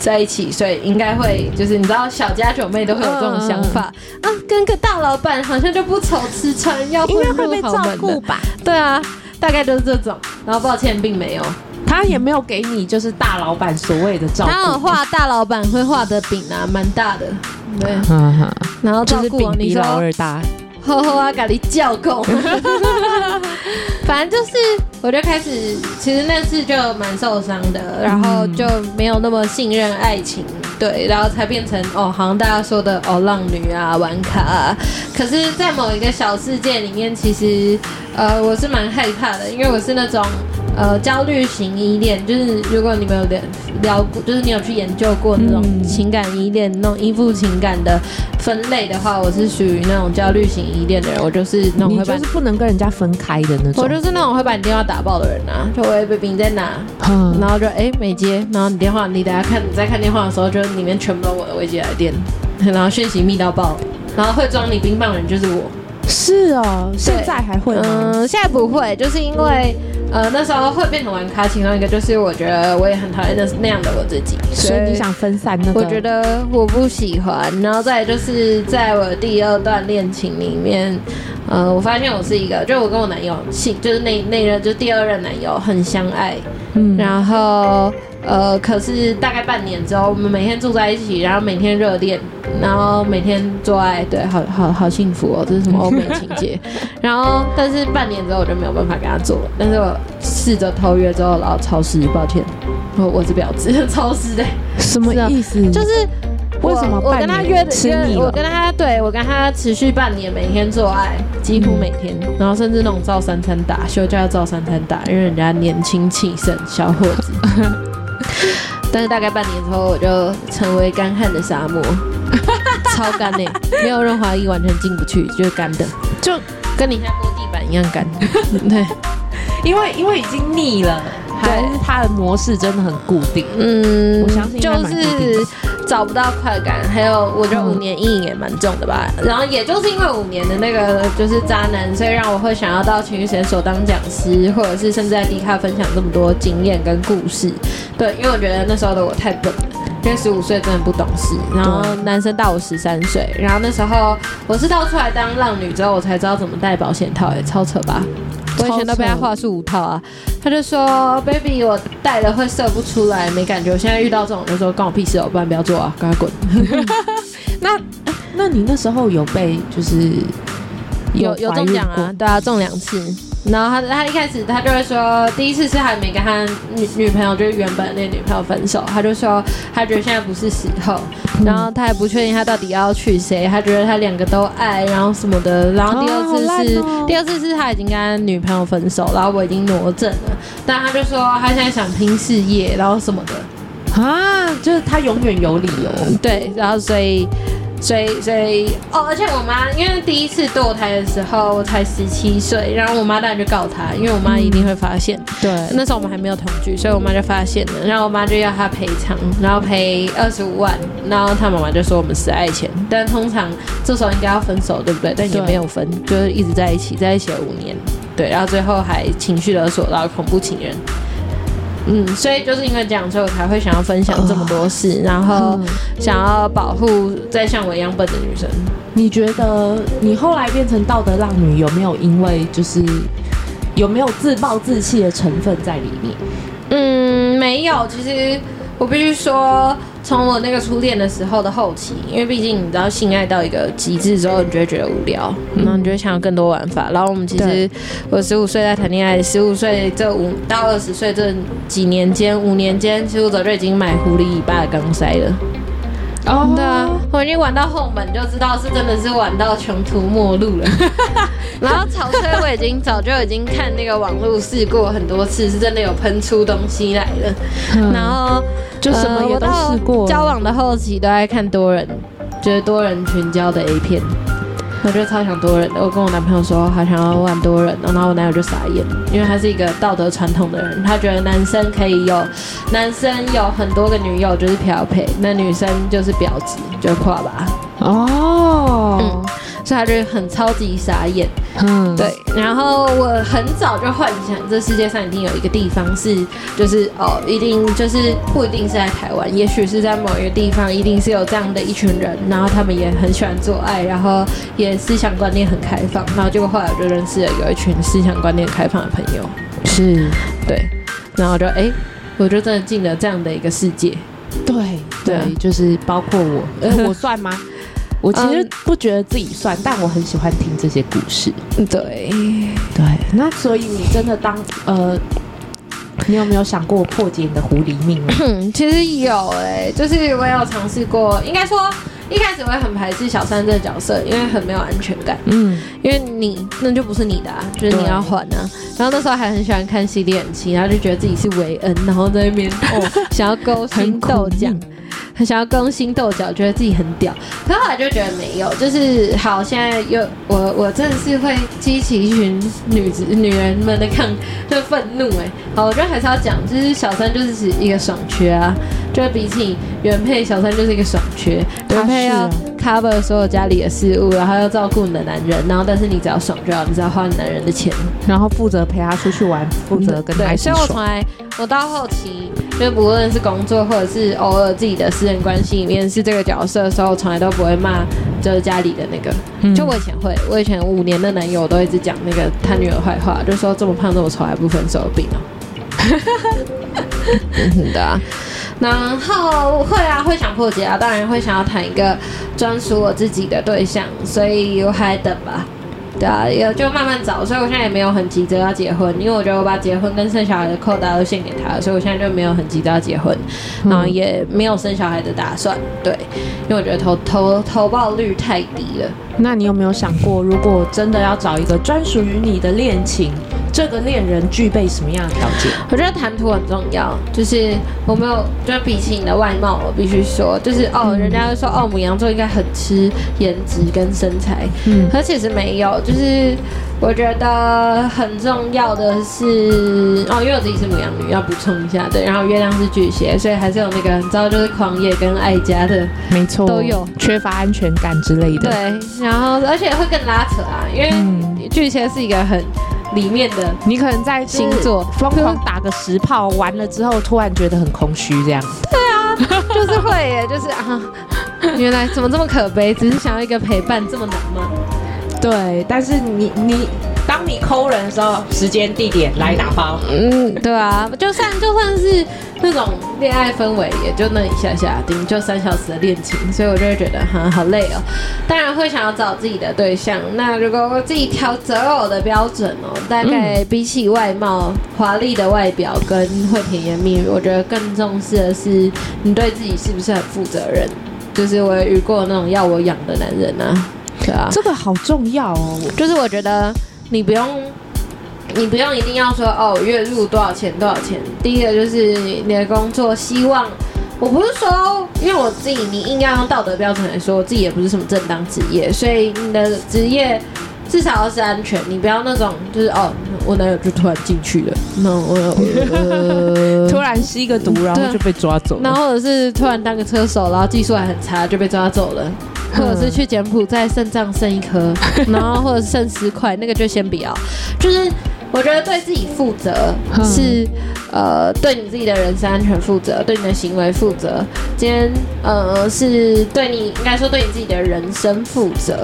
在一起，所以應該會就是你知道，小家九妹都會有這種想法、uh, 啊，跟個大老闆好像就不愁吃穿，要不然 [LAUGHS] 會，會被照顧吧？對啊，大概都是這種。然後抱歉，並沒有，他也沒有給你就是大老闆所謂的照顧。嗯、他有畫大老闆會畫的餅啊，蠻大的，對， [LAUGHS] 然後照顧、哦、比老二大。吼啊！咖喱教工， [LAUGHS] 反正就是，我就開始，其實那次就蠻受傷的，然後就沒有那麼信任愛情，對，然後才變成哦，好像大家說的哦，浪女啊，玩卡啊。可是在某一個小世界裡面，其實呃，我是蠻害怕的，因為我是那種。呃，焦慮型依戀就是，如果你沒有點聊過，就是你有去研究過那種情感依戀、嗯、那種依附情感的分類的話，我是屬於那種焦慮型依戀的人。我就是那種會把就是不能跟人家分開的那種。我就是那種會把你電話打爆的人啊，就喂，baby 在哪？嗯呵，然後就哎沒、欸、接，然後你電話，你等下看你在看電話的時候，就裡面全部都我的未接來電，然後訊息密到爆，然後會裝你冰棒的人就是我。是哦、啊，對現在還會嗎？嗯，現在不會，就是因為。嗯呃，那時候會變成玩咖。其中一個就是，我覺得我也很討厭那那樣的我自己，所以你想分散那種？我覺得我不喜歡。然後再就是，在我第二段戀情裡面。呃，我發現我是一個，就是我跟我男友，性就是那那任、個，就第二任男友很相愛，嗯，然後呃，可是大概半年之後，我們每天住在一起，然後每天熱戀，然後每天做愛，對，好好好幸福哦，這是什麼歐美情節？ [LAUGHS] 然後，但是半年之後我就沒有辦法跟他做了，但是我試着偷約之後，然後超時，抱歉，我我是婊子，超時的，什麼意思？ [LAUGHS] 就是。我為什麼我跟他約着了約，我跟他對，我跟他持續半年每天做愛，幾乎每天，嗯、然後甚至那種照三餐打，休假照三餐打，因為人家年輕氣盛小伙子。 [LAUGHS] [LAUGHS] 但是大概半年之後我就成為乾旱的沙漠， [LAUGHS] 超乾嘞、欸，沒有潤滑液，完全進不去，就是乾的，就跟你像摸地板一樣乾。 [LAUGHS] 對，因為因為已經膩了。對，是他的模式真的很固定。嗯，我相信就是找不到快感，還有我覺得五年陰影也蠻重的吧。嗯，然後也就是因為五年的那個就是渣男，所以讓我會想要到情緒診所當講師，或者是現在 Dcard 分享這麼多經驗跟故事。對，因為我覺得那時候的我太笨了，因為十五歲真的不懂事。然後男生大我十三歲，然後那時候我是到出來當浪女之後，我才知道怎麼戴保險套，欸，哎，超扯吧。我以前都被他話術五套啊，他就說，baby，我戴了會射不出來，沒感覺。我現在遇到這種，就說關我屁事、哦，我不然不要做啊 [LAUGHS] [LAUGHS] 那，趕快滾。那，那你那時候有被就是有有,有中獎啊？對啊，中兩次。然後他他一開始他就會說，第一次是還沒跟他女女朋友，就是原本那女朋友分手，他就說他覺得現在不是時候，然後他也不確定他到底要娶誰，他覺得他兩個都愛，然後什麼的。然後第二次是、哦哦、第二次是他已經跟他女朋友分手，然後我已經挪證了，但他就說他現在想拼事業，然後什麼的。啊，就是他永遠有理由，對，然後所以。所以，所以，哦，而且我媽因為第一次墮胎的時候才十七歲，然後我媽當然就告她，因為我媽一定會發現。嗯、對，那時候我們還沒有同居，所以我媽就發現了，然後我媽就要她賠償，然後賠二十五萬，然後她媽媽就說我們死愛錢，但通常這時候應該要分手，對不對？但也沒有分，對就是一直在一起，在一起了五年，對，然後最後還情緒勒索到恐怖情人。嗯，所以就是因為這樣，所以我才會想要分享這麼多事，oh, 然後想要保護在像我一樣笨的女生。你覺得你後來變成道德浪女，有沒有因為就是有沒有自暴自棄的成分在裡面？嗯，沒有，其實。我必須說，從我那個初戀的時候的後期，因為畢竟你知道，性愛到一個極致之後，你就會覺得無聊，嗯、然後你就會想要更多玩法。然後我們其實，對我十五歲在談戀愛，十五歲這五到二十歲這幾年間，五年間，其實我早就已經買狐狸尾巴的鋼塞了，哦、oh, 對啊、我已經玩到後門，就知道是真的是玩到窮途末路了。 [LAUGHS] 然後潮吹，我已經早就已經看那個網絡試過很多次，是真的有噴出東西來了。然後就什麼也都試過。呃、交往的後期都愛看多人，就是多人群交的 A 片。我就超想多人的，我跟我男朋友說，好想要玩多人，然後我男友就傻眼，因為他是一個道德傳統的人，他覺得男生可以有，男生有很多個女友就是標配，那女生就是婊子，就跨吧。哦。Oh. 他就很超級傻眼，嗯，對。然後我很早就幻想，這世界上一定有一個地方是，就是哦，一定就是不一定是在台灣，也許是在某一個地方，一定是有這樣的一群人，然後他們也很喜歡做愛，然後也思想觀念很開放。然後結果後來我就認識了有一群思想觀念開放的朋友，是，對。然後我就哎、欸，我就真的進了這樣的一個世界，對對，對對就是包括我，我算嗎？ [LAUGHS] 我其實不覺得自己算，嗯、但我很喜歡聽這些故事。對，對，那所以你真的當呃，你有沒有想過破解你的狐狸命？其實有哎、欸，就是我有嘗試過，應該說一開始我也很排斥小三這個角色，因為很沒有安全感。嗯，因為你那就不是你的、啊，就是你要還呢、啊。對然後那時候還很喜歡看《C D N 七》，然後就覺得自己是韋恩，然後在那邊哦， [LAUGHS] 想要勾心鬥角。想要勾心鬥角，覺得自己很屌，可後來就覺得沒有，就是好。現在又我我真的是會激起一群女子女人們的抗，就憤怒哎。好，我覺得還是要講，就是小三就是一個爽缺啊，就是比起原配，小三就是一個爽缺。啊、原配要 cover 所有家裡的事務，然後要照顧你的男人，然後但是你只要爽就好，你只要花你男人的錢，然後負責陪他出去玩，負責跟他一起。爽、嗯、對、所以我我到後期，因為不論是工作或者是偶爾自己的私人關係裡面是這個角色的時候，我從來都不會罵，就是家裡的那個。嗯、就我以前會，我以前五年的男友都一直講那個他女兒壞話，就說這麼胖這麼醜還不分手的，啊，有病嗯哼，對啊。然後會啊，會想破解啊，當然會想要談一個專屬我自己的對象，所以我還在等吧。對啊，也就慢慢找，所以我現在也沒有很急着要結婚，因為我覺得我把結婚跟生小孩的扣打都獻給他了，所以我現在就沒有很急着要結婚，嗯、然後也沒有生小孩的打算，對，因為我覺得投投投報率太低了。那你有沒有想過，如果真的要找一個專屬於你的戀情？這個戀人具備什麼樣的條件？我覺得談吐很重要，就是我沒有，就是比起你的外貌，我必須說，就是哦，嗯、人家說哦，牡羊座應該很吃顏值跟身材，嗯，可其實沒有，就是我覺得很重要的是哦，因為我自己是牡羊女，要補充一下，對，然後月亮是巨蟹，所以還是有那個你知道，就是狂野跟愛家的，沒錯，都有缺乏安全感之類的，對，然後而且會更拉扯啊，因為、嗯、巨蟹是一個很。裡面的、嗯、你可能在星座瘋狂、就是、打個十炮，完了之後突然覺得很空虛，這樣。對啊，就是會耶， [LAUGHS] 就是啊，原來怎麼這麼可悲？只是想要一個陪伴，這麼難嗎？對，但是你你。當你摳人的時候，時間地點來打包嗯。嗯，對啊，就算就算是那種戀愛氛圍，也就那一下下定，頂就三小時的戀情，所以我就會覺得哈、嗯、好累哦。當然會想要找自己的對象。那如果我自己挑擇偶的標準哦，大概比起外貌華麗的外表跟會甜言蜜語，我覺得更重視的是你對自己是不是很負責任。就是我也遇過那種要我養的男人啊，對啊，這個好重要哦。就是我覺得。你不用，你不用一定要說哦，月入多少錢多少錢。第一個就是你的工作，希望，我不是說，因為我自己，你硬要用道德標準來說，我自己也不是什麼正當職業，所以你的職業至少要是安全。你不要那種就是哦，我男友就突然進去了，那我、呃、 [LAUGHS] 突然吸個毒然後就被抓走，那或者是突然當個車手，然後技術還很差就被抓走了。或者是去柬埔寨腎臟剩一顆， [LAUGHS] 然後或者是剩十塊，那個就先不要。就是我覺得對自己負責是，是 [LAUGHS] 呃對你自己的人身安全負責，對你的行為負責。今天呃是對你，應該說對你自己的人生負責。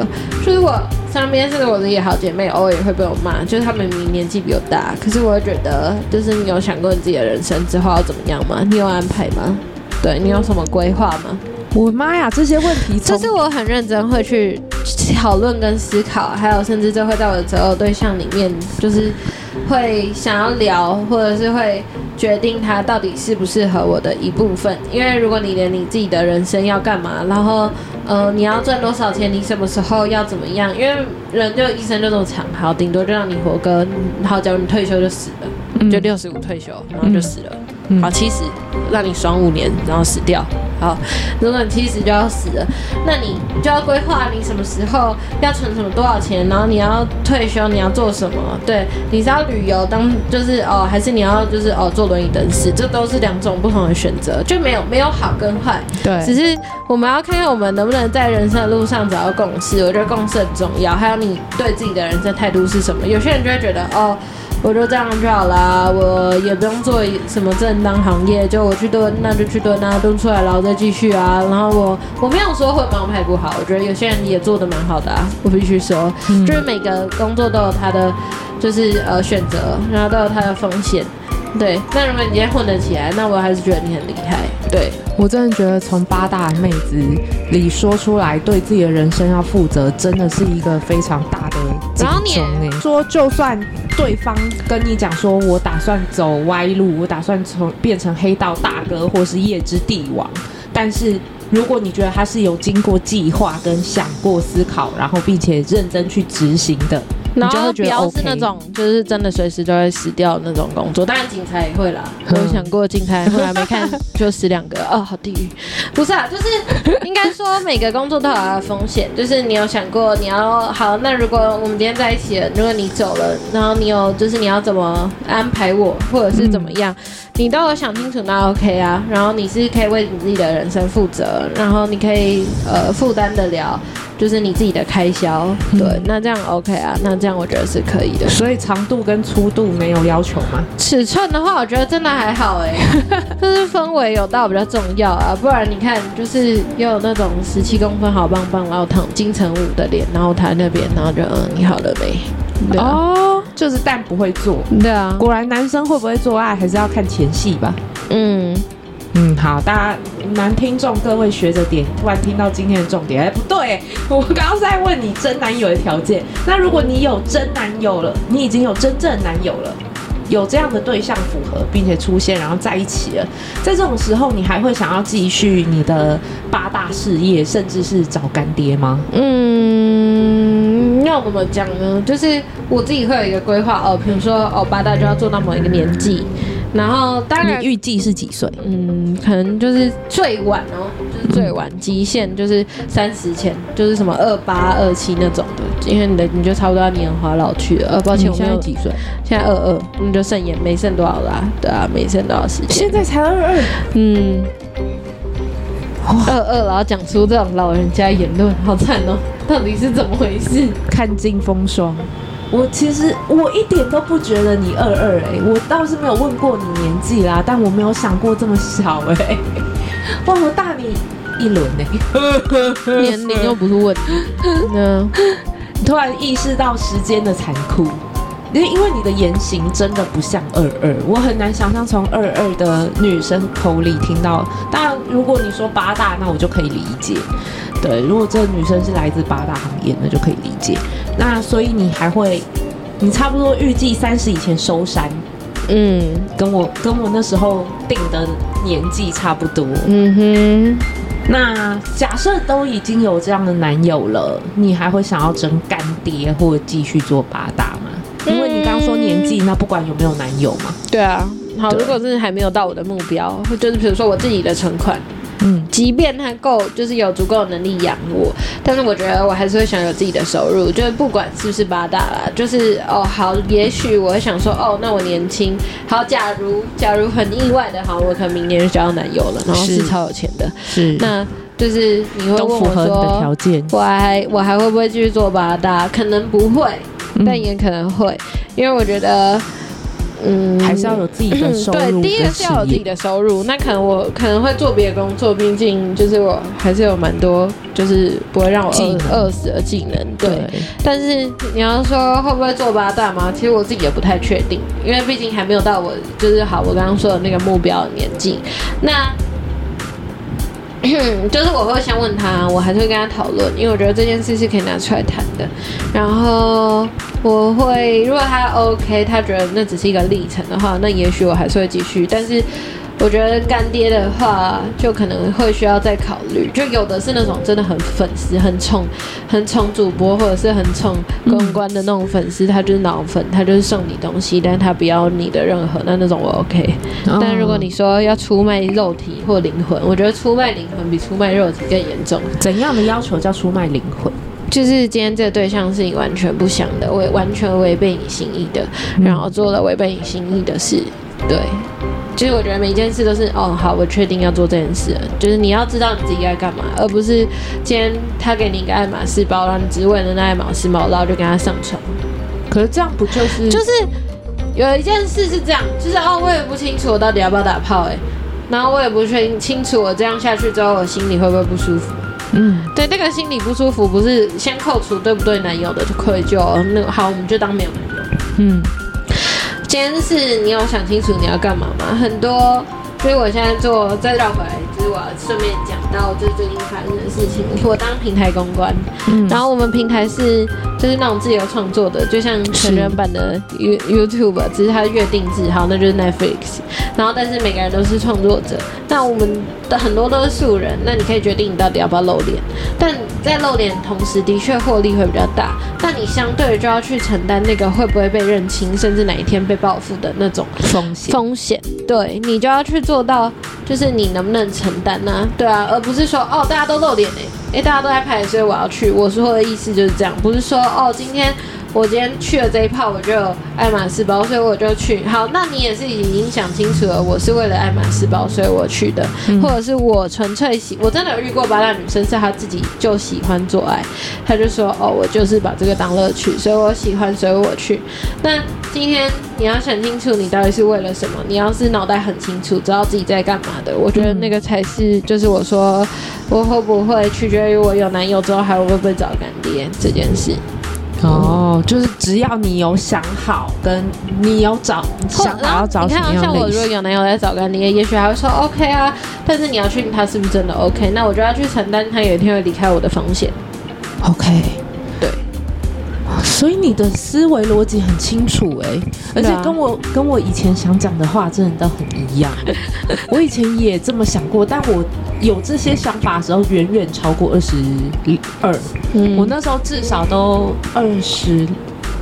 就是我身邊是我自己的好姐妹，偶爾也會被我罵。就是她們明明年紀比我大，可是我會覺得，就是你有想過你自己的人生之後要怎麼樣嗎？你有安排嗎？對，你有什麼規劃嗎？嗯我媽呀，這些問題！這是我很認真會去討論跟思考，還有甚至就會在我的擇偶對象裡面，就是會想要聊，或者是會決定他到底適不適合我的一部分。因為如果你連你自己的人生要幹嘛，然後呃你要賺多少錢，你什麼時候要怎麼樣？因為人就一生就這麼長，好頂多就讓你活個好，假如你退休就死了，嗯、就六十五退休，然後就死了。嗯好七十，70, 讓你爽五年，然後死掉。好，如果你七十就要死了，那你就要規劃你什麼時候要存什麼多少錢，然後你要退休，你要做什麼？對，你是要旅遊，當就是哦，還是你要就是哦坐輪椅等死？這都是兩種不同的選擇，就沒有沒有好跟壞。對，只是我們要看看我們能不能在人生的路上找到共識。我覺得共識很重要。還有你對自己的人生態度是什麼？有些人就會覺得哦。我就這樣就好了，啊，我也不用做什麼正當行業，就我去蹲，那就去蹲啊，蹲出來然後再繼續啊。然後我我沒有說混幫派不好，我覺得有些人也做得蠻好的啊，我必須說，嗯、就是每個工作都有它的，就是呃選擇，然後都有它的風險。對，那如果你今天混得起來，那我還是覺得你很厲害。對，我真的覺得從八大妹子裡說出來，對自己的人生要負責，真的是一個非常大的執念，然後你說就算對方跟你講說，我打算走歪路，我打算從變成黑道大哥或是夜之帝王。但是，如果你覺得他是有經過計劃跟想過思考，然後並且認真去執行的。OK、然後表示那種就是真的隨時都會死掉那種工作，當然警察也會啦。我有呵想過警察，後來沒看就死兩個 [LAUGHS] 哦，好地獄，不是啊，就是應該說每個工作都有它的風險，就是你有想過你要好，那如果我們今天在一起了，如果你走了，然後你有就是你要怎麼安排我，或者是怎麼樣？嗯你都有想清楚，那 OK 啊。然後你是可以為你自己的人生負責，然後你可以呃負擔得了，就是你自己的開銷。對，那這樣 OK 啊，那這樣我覺得是可以的。所以長度跟粗度沒有要求嗎？尺寸的話，我覺得真的還好欸，就是氛圍有到比較重要啊，不然你看就是又有那種十七公分好棒棒，然後躺金城武的臉，然後他那邊，然後就嗯，你好了沒？哦，啊 oh, 就是但不會做，對啊，果然男生會不會做愛還是要看前戲吧。嗯嗯，好，大家男聽眾各位學着點，突然聽到今天的重點。哎，不對，我剛剛是在問你真男友的條件。那如果你有真男友了，你已經有真正男友了，有這樣的對象符合並且出現，然後在一起了，在這種時候，你還會想要繼續你的八大事業，甚至是找乾爹嗎？嗯。要怎麼講呢？就是我自己會有一個規劃哦，比如說哦，八大就要做到某一個年紀，然後當然你預計是幾歲？嗯，可能就是最晚哦，就是最晚極、嗯、限就是三十前，就是什麼二八二七那種的，因為你的你就差不多要年華老去了。八、哦、抱歉，嗯、我現在幾歲？現在二二、嗯，你就剩也沒剩多少啦、啊。對啊，沒剩多少時間。現在才二二，嗯。二二，然後講出這種老人家言論，好慘哦！到底是怎麼回事？看盡風霜。我其實我一點都不覺得你二二哎、欸，我倒是沒有問過你年紀啦，但我沒有想過這麼小哎、欸，哇，我大你一輪哎、欸， [LAUGHS] 年齡又不是問題 [LAUGHS] 那突然意識到時間的殘酷。因為你的言行真的不像二二，我很難想象從二二的女生口裡聽到。但如果你說八大，那我就可以理解。對，如果這個女生是來自八大行業，那就可以理解。那所以你還會，你差不多預計三十以前收山？嗯，跟我跟我那時候定的年紀差不多。嗯哼。那假設都已經有這樣的男友了，你還會想要爭乾爹，或者繼續做八大嗎？因為你剛剛說年紀，那不管有沒有男友嘛？對啊。好，對如果是還沒有到我的目標，就是比如說我自己的存款，嗯，即便他夠，就是有足夠的能力養我，但是我覺得我還是會想有自己的收入，就是不管是不是八大啦，就是哦好，也許我會想說哦，那我年輕，好，假如假如很意外的，好，我可能明年就交到男友了，然後是超有錢的，是，那就是你會問我說，的條件我還我還會不會繼續做八大？可能不會。但也可能會，因為我覺得，嗯，還是要有自己的收入的。 [COUGHS] 對，第一個是要有自己的收入。那可能我可能會做別的工作，畢竟就是我還是有蠻多就是不會讓我餓餓能死的技能。對，對但是你要說會不會做八大嗎？其實我自己也不太確定，因為畢竟還沒有到我就是好我剛剛說的那個目標的年紀。嗯、那。嗯，就是我會先問他，我還是會跟他討論，因為我覺得這件事是可以拿出來談的。然後我會，如果他 OK，他覺得那只是一個歷程的話，那也許我還是會繼續，但是。我覺得乾爹的話，就可能會需要再考慮。就有的是那種真的很粉絲，很寵，很寵主播，或者是很寵公關的那種粉絲，嗯、他就是腦粉，他就是送你東西，但他不要你的任何。那那種我 OK。哦、但如果你說要出賣肉體或靈魂，我覺得出賣靈魂比出賣肉體更嚴重。怎樣的要求叫出賣靈魂？就是今天這個對象是你完全不想的，我也完全違背你心意的，嗯、然後做了違背你心意的事，對。其實我覺得每一件事都是，哦，好，我確定要做這件事，就是你要知道你自己該幹嘛，而不是今天他給你一個愛馬仕包，然後你只為了那愛馬仕包，然後就跟他上床。可是這樣不就是？就是有一件事是這樣，就是哦，我也不清楚我到底要不要打炮哎、欸，然後我也不確定清楚我這樣下去之後，我心裡會不會不舒服？嗯，對，那個心裡不舒服不是先扣除對不對男友的愧疚，那個、好，我們就當沒有男友。嗯。先是你有想清楚你要幹嘛嗎？很多，所以我現在做再繞回來，就是我要順便講到就是最近發生的事情。我當平台公關，嗯、然後我們平台是就是那種自由創作的，就像成人版的 you, 是 YouTube，只是它月定制。好，那就是 Netflix，然後，但是每個人都是創作者。那我們。很多都是素人，那你可以決定你到底要不要露臉。但在露臉的同時，的確獲利會比較大，但你相對就要去承擔那個會不會被認清，甚至哪一天被報復的那種風險。風險，風險，對，你就要去做到，就是你能不能承擔呢、啊？對啊，而不是說哦，大家都露臉哎、欸，大家都在拍，所以我要去。我說的意思就是這樣，不是說哦，今天。我今天去了這一炮，我就愛馬仕包，所以我就去。好，那你也是已經想清楚了，我是為了愛馬仕包，所以我去的，嗯、或者是我純粹喜，我真的遇過八大女生是她自己就喜歡做愛，她就說：“哦，我就是把這個當樂趣，所以我喜歡，所以我去。”那今天你要想清楚，你到底是為了什麼？你要是腦袋很清楚，知道自己在幹嘛的，我覺得那個才是、嗯、就是我說我會不會取決於我有男友之後，還會不會找乾爹這件事。哦，oh, oh, 就是只要你有想好，跟你有找想，想好要找你、啊、什麼樣的看、啊？像我如果有男友在找跟你也，也許還會說 OK 啊，但是你要確定他是不是真的 OK，那我就要去承擔他有一天會離開我的風險。OK。所以你的思維邏輯很清楚誒、欸，而且跟我跟我以前想講的話真的都很一樣。我以前也這麼想過，但我有這些想法的時候，遠遠超過二十二。我那時候至少都二十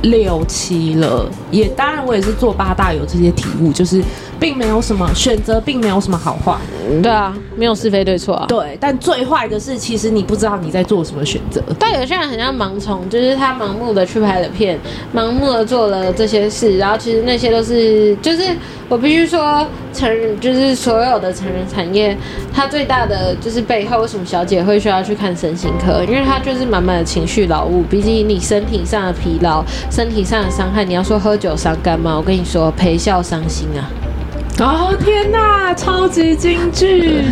六七了，也當然我也是做八大有這些體悟，就是並沒有什麼選擇，並沒有什麼好壞。嗯、對啊，沒有是非對錯啊。對，但最壞的是，其實你不知道你在做什麼選擇。但有些人很像盲從，就是他盲目的去拍了片，盲目的做了這些事，然後其實那些都是，就是我必須說，成人，就是所有的成人產業，它最大的就是背後，為什麼小姐會需要去看身心科？因為它就是滿滿的情緒勞務，畢竟你身體上的疲勞、身體上的傷害，你要說喝酒傷肝嗎？我跟你說，陪笑傷心啊。哦天吶、啊，超級京劇！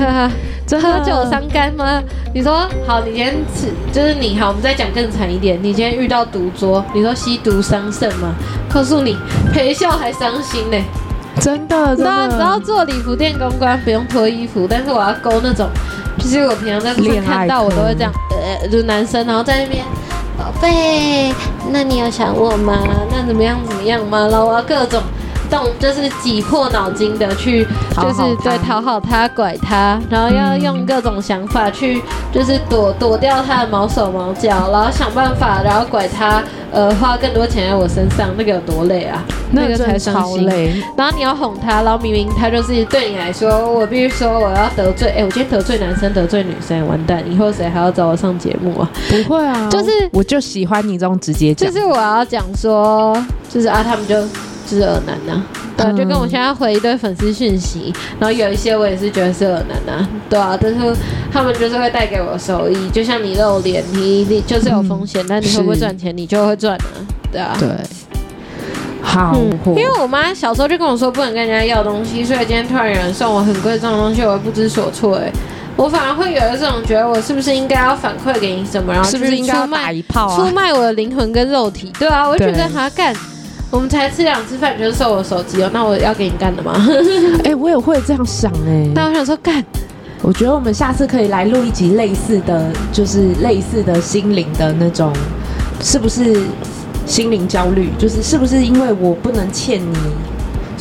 這喝酒傷肝嗎？你說好，你今天就是你好，我們再講更慘一點。你今天遇到毒桌，你說吸毒傷腎嗎？告訴你，陪笑還傷心呢，真的。那只要做禮服店公關，不用脫衣服，但是我要勾那種，就是我平常在裡面看到我都會這樣，呃，就是男生然後在那邊，寶貝，那你有想我嗎？那怎麼樣怎麼樣嗎？然後我要各種。就是擠破腦筋的去，就是在討好他、拐他，然後要用各種想法去，就是躲躲掉他的毛手毛腳，然後想辦法，然後拐他，呃，花更多錢在我身上，那個有多累啊？那個才超累。然後你要哄他，然後明明他就是對你來說，我必須說我要得罪，哎，我今天得罪男生，得罪女生，完蛋，以後誰還要找我上節目啊？不會啊，就是我就喜歡你這種直接講，就是我要講說，就是啊，他們就。是噁男吶、啊，對、啊，嗯、就跟我現在回一堆粉絲訊息，然後有一些我也是覺得是噁男吶、啊，對啊，但是他們就是會帶給我的收益，就像你露臉，你你就是有風險，嗯、但你會不會賺錢？是你就會賺了、啊，對啊，對，嗯、好活，因為我媽小時候就跟我說不能跟人家要東西，所以今天突然有人送我很貴重的東西，我不知所措，哎，我反而會有一種覺得我是不是應該要反饋給你什麼，然後是不是應該要打一炮、啊、出賣我的靈魂跟肉體，對啊，我就覺得她幹。我們才吃兩次飯，你就收我手機哦？那我要給你幹的嗎？哎、 [LAUGHS] 欸，我也會這樣想哎。那我想說幹，我覺得我們下次可以來錄一集類似的就是類似的心靈的那種，是不是心靈焦慮？就是是不是因為我不能欠你？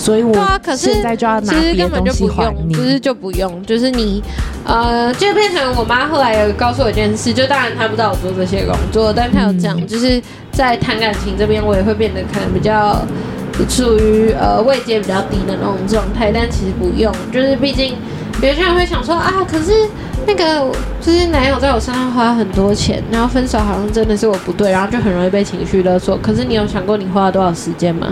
所以我現在就要拿別的東西還，嗯、可是其實根本就不用，其實就不用，就是你，呃，就變成我媽後來有告訴我一件事，就當然她不知道我做這些工作，但她有講，嗯、就是在談感情這邊，我也會變得可能比較處於呃位階比較低的那種狀態，但其實不用，就是畢竟有些人會想說啊，可是那個就是男友在我身上花很多錢，然後分手好像真的是我不對，然後就很容易被情緒勒索，可是你有想過你花了多少時間嗎？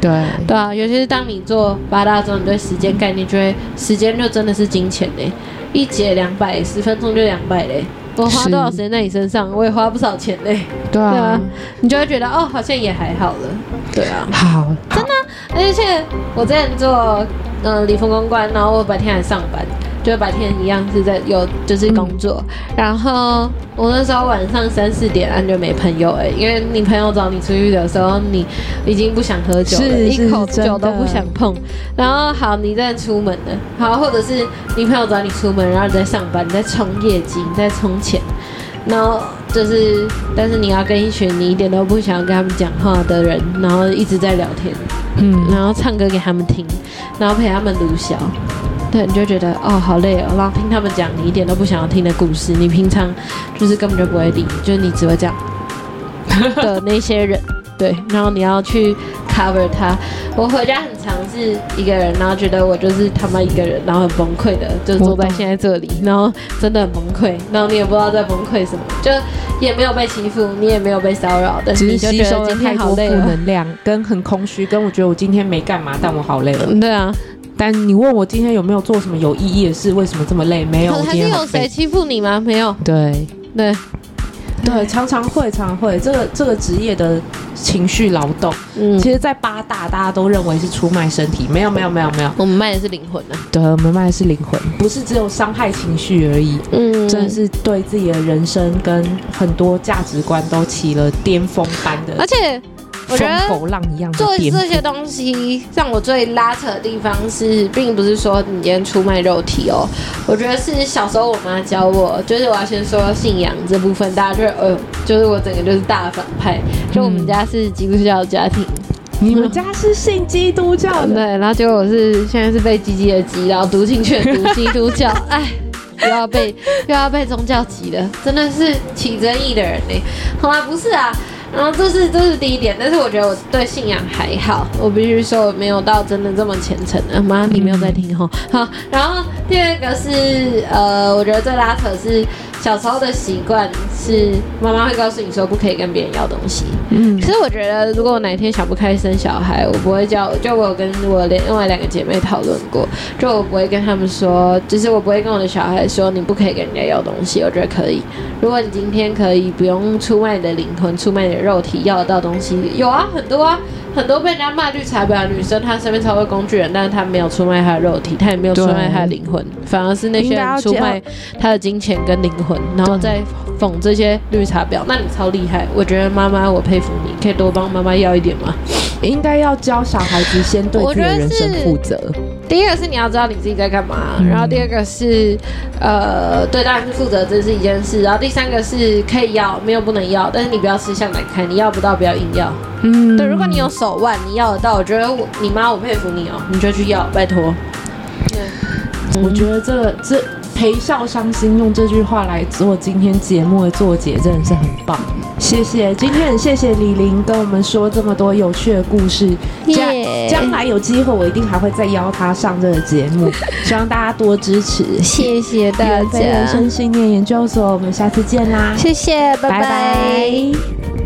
對對啊，尤其是當你做八大之後，你對時間概念就會，時間就真的是金錢嘞，一節兩百，十分鐘就兩百嘞，是我花多少時間在你身上，我也花不少錢嘞，對啊，對啊，你就會覺得哦，好像也還好了，對啊，好，真的，啊，好而且我之前做，呃禮服公關，然後我白天還上班。就白天一樣是在有就是工作，嗯，然後我那時候晚上三四點，啊就沒朋友哎，欸，因為你朋友找你出去的時候，你已經不想喝酒了，是是一口酒都不想碰。然後好，你在出門了，好，或者是你朋友找你出門，然後你在上班，你在衝業績，你在衝錢，然後就是，但是你要跟一群你一點都不想跟他們講話的人，然後一直在聊天，嗯，然後唱歌給他們聽，然後陪他們擼小，對，你就覺得哦好累哦，然後聽他們講你一點都不想要聽的故事，你平常就是根本就不會理，就是你只會這樣的那些人，對，然後你要去 cover 他。我回家很常是一個人，然後覺得我就是他媽一個人，然後很崩潰的，就坐在懂現在這裡，然後真的很崩潰，然後你也不知道在崩潰什麼，就也沒有被欺負，你也沒有被騷擾，但是你就覺得今天好累，吸收太多負能量跟很空虛，跟我覺得我今天沒幹嘛，但我好累了。嗯，對啊。但你問我今天有沒有做什麼有意義的事？為什麼這麼累？沒有，還是沒有誰欺負你嗎？沒有，對對對，對，常常會，常，常會。這個這個職業的情緒勞動，嗯，其實，在八大大家都認為是出賣身體，沒有，沒有，沒有，沒有，我們賣的是靈魂呢、啊。對，我們賣的是靈魂，不是只有傷害情緒而已。嗯，真的是對自己的人生跟很多價值觀都起了巔峰般的，而且。風口浪一樣的做這些東西，讓我最拉扯的地方是，並不是說你今天出賣肉體哦，我覺得是小時候我媽教我，就是我要先說信仰這部分，大家就得哎、呃、就是我整個就是大反派，就我們家是基督教的家庭，嗯嗯、你們家是信基督教的，對，然後結果我是現在是被積極的擠，然後讀進去讀基督教，哎， [LAUGHS] 又要被又要被宗教擠了，真的是起爭議的人呢。好來不是啊。然後這是這是第一點，但是我覺得我對信仰還好，我必須說我沒有到真的這麼虔誠的、啊。媽你沒有在聽哈、哦，好。然後第二個是呃，我覺得最拉扯是。小時候的習慣是媽媽會告訴你說，不可以跟別人要東西。嗯，可是我覺得如果我哪天想不開生小孩，我不會叫，就我有跟我另外兩個姐妹討論過，就我不會跟他們說，就是我不會跟我的小孩說，你不可以跟人家要東西。我覺得可以，如果你今天可以不用出賣你的靈魂、出賣你的肉體，要得到東西有啊，很多啊。很多被人家罵綠茶婊的女生，她身邊超多工具人，但是她沒有出賣她的肉體，她也沒有出賣她的靈魂，對反而是那些人出賣她的金錢跟靈魂，然後再諷這些綠茶婊。對那你超厲害，我覺得媽媽，我佩服你，可以多幫媽媽要一點嗎？ [LAUGHS] 應該要教小孩子先對自己的人生負責。第一個是你要知道你自己在幹嘛，嗯、然後第二個是，呃，對大人負責這是一件事，然後第三個是可以要，沒有不能要，但是你不要吃相難看，你要不到不要硬要。嗯，對，如果你有手腕，你要得到，我覺得我你媽我佩服你哦、喔，你就去要，拜託。嗯、我覺得這這。陪笑傷心，用這句話來做今天節目的作結，真的是很棒。謝謝，今天很謝謝里琳跟我們說這麼多有趣的故事。將來有機會，我一定還會再邀她上這個節目，希望大家多支持。謝謝大家，李人生信念研究所，我們下次見啦！謝謝，拜拜，拜。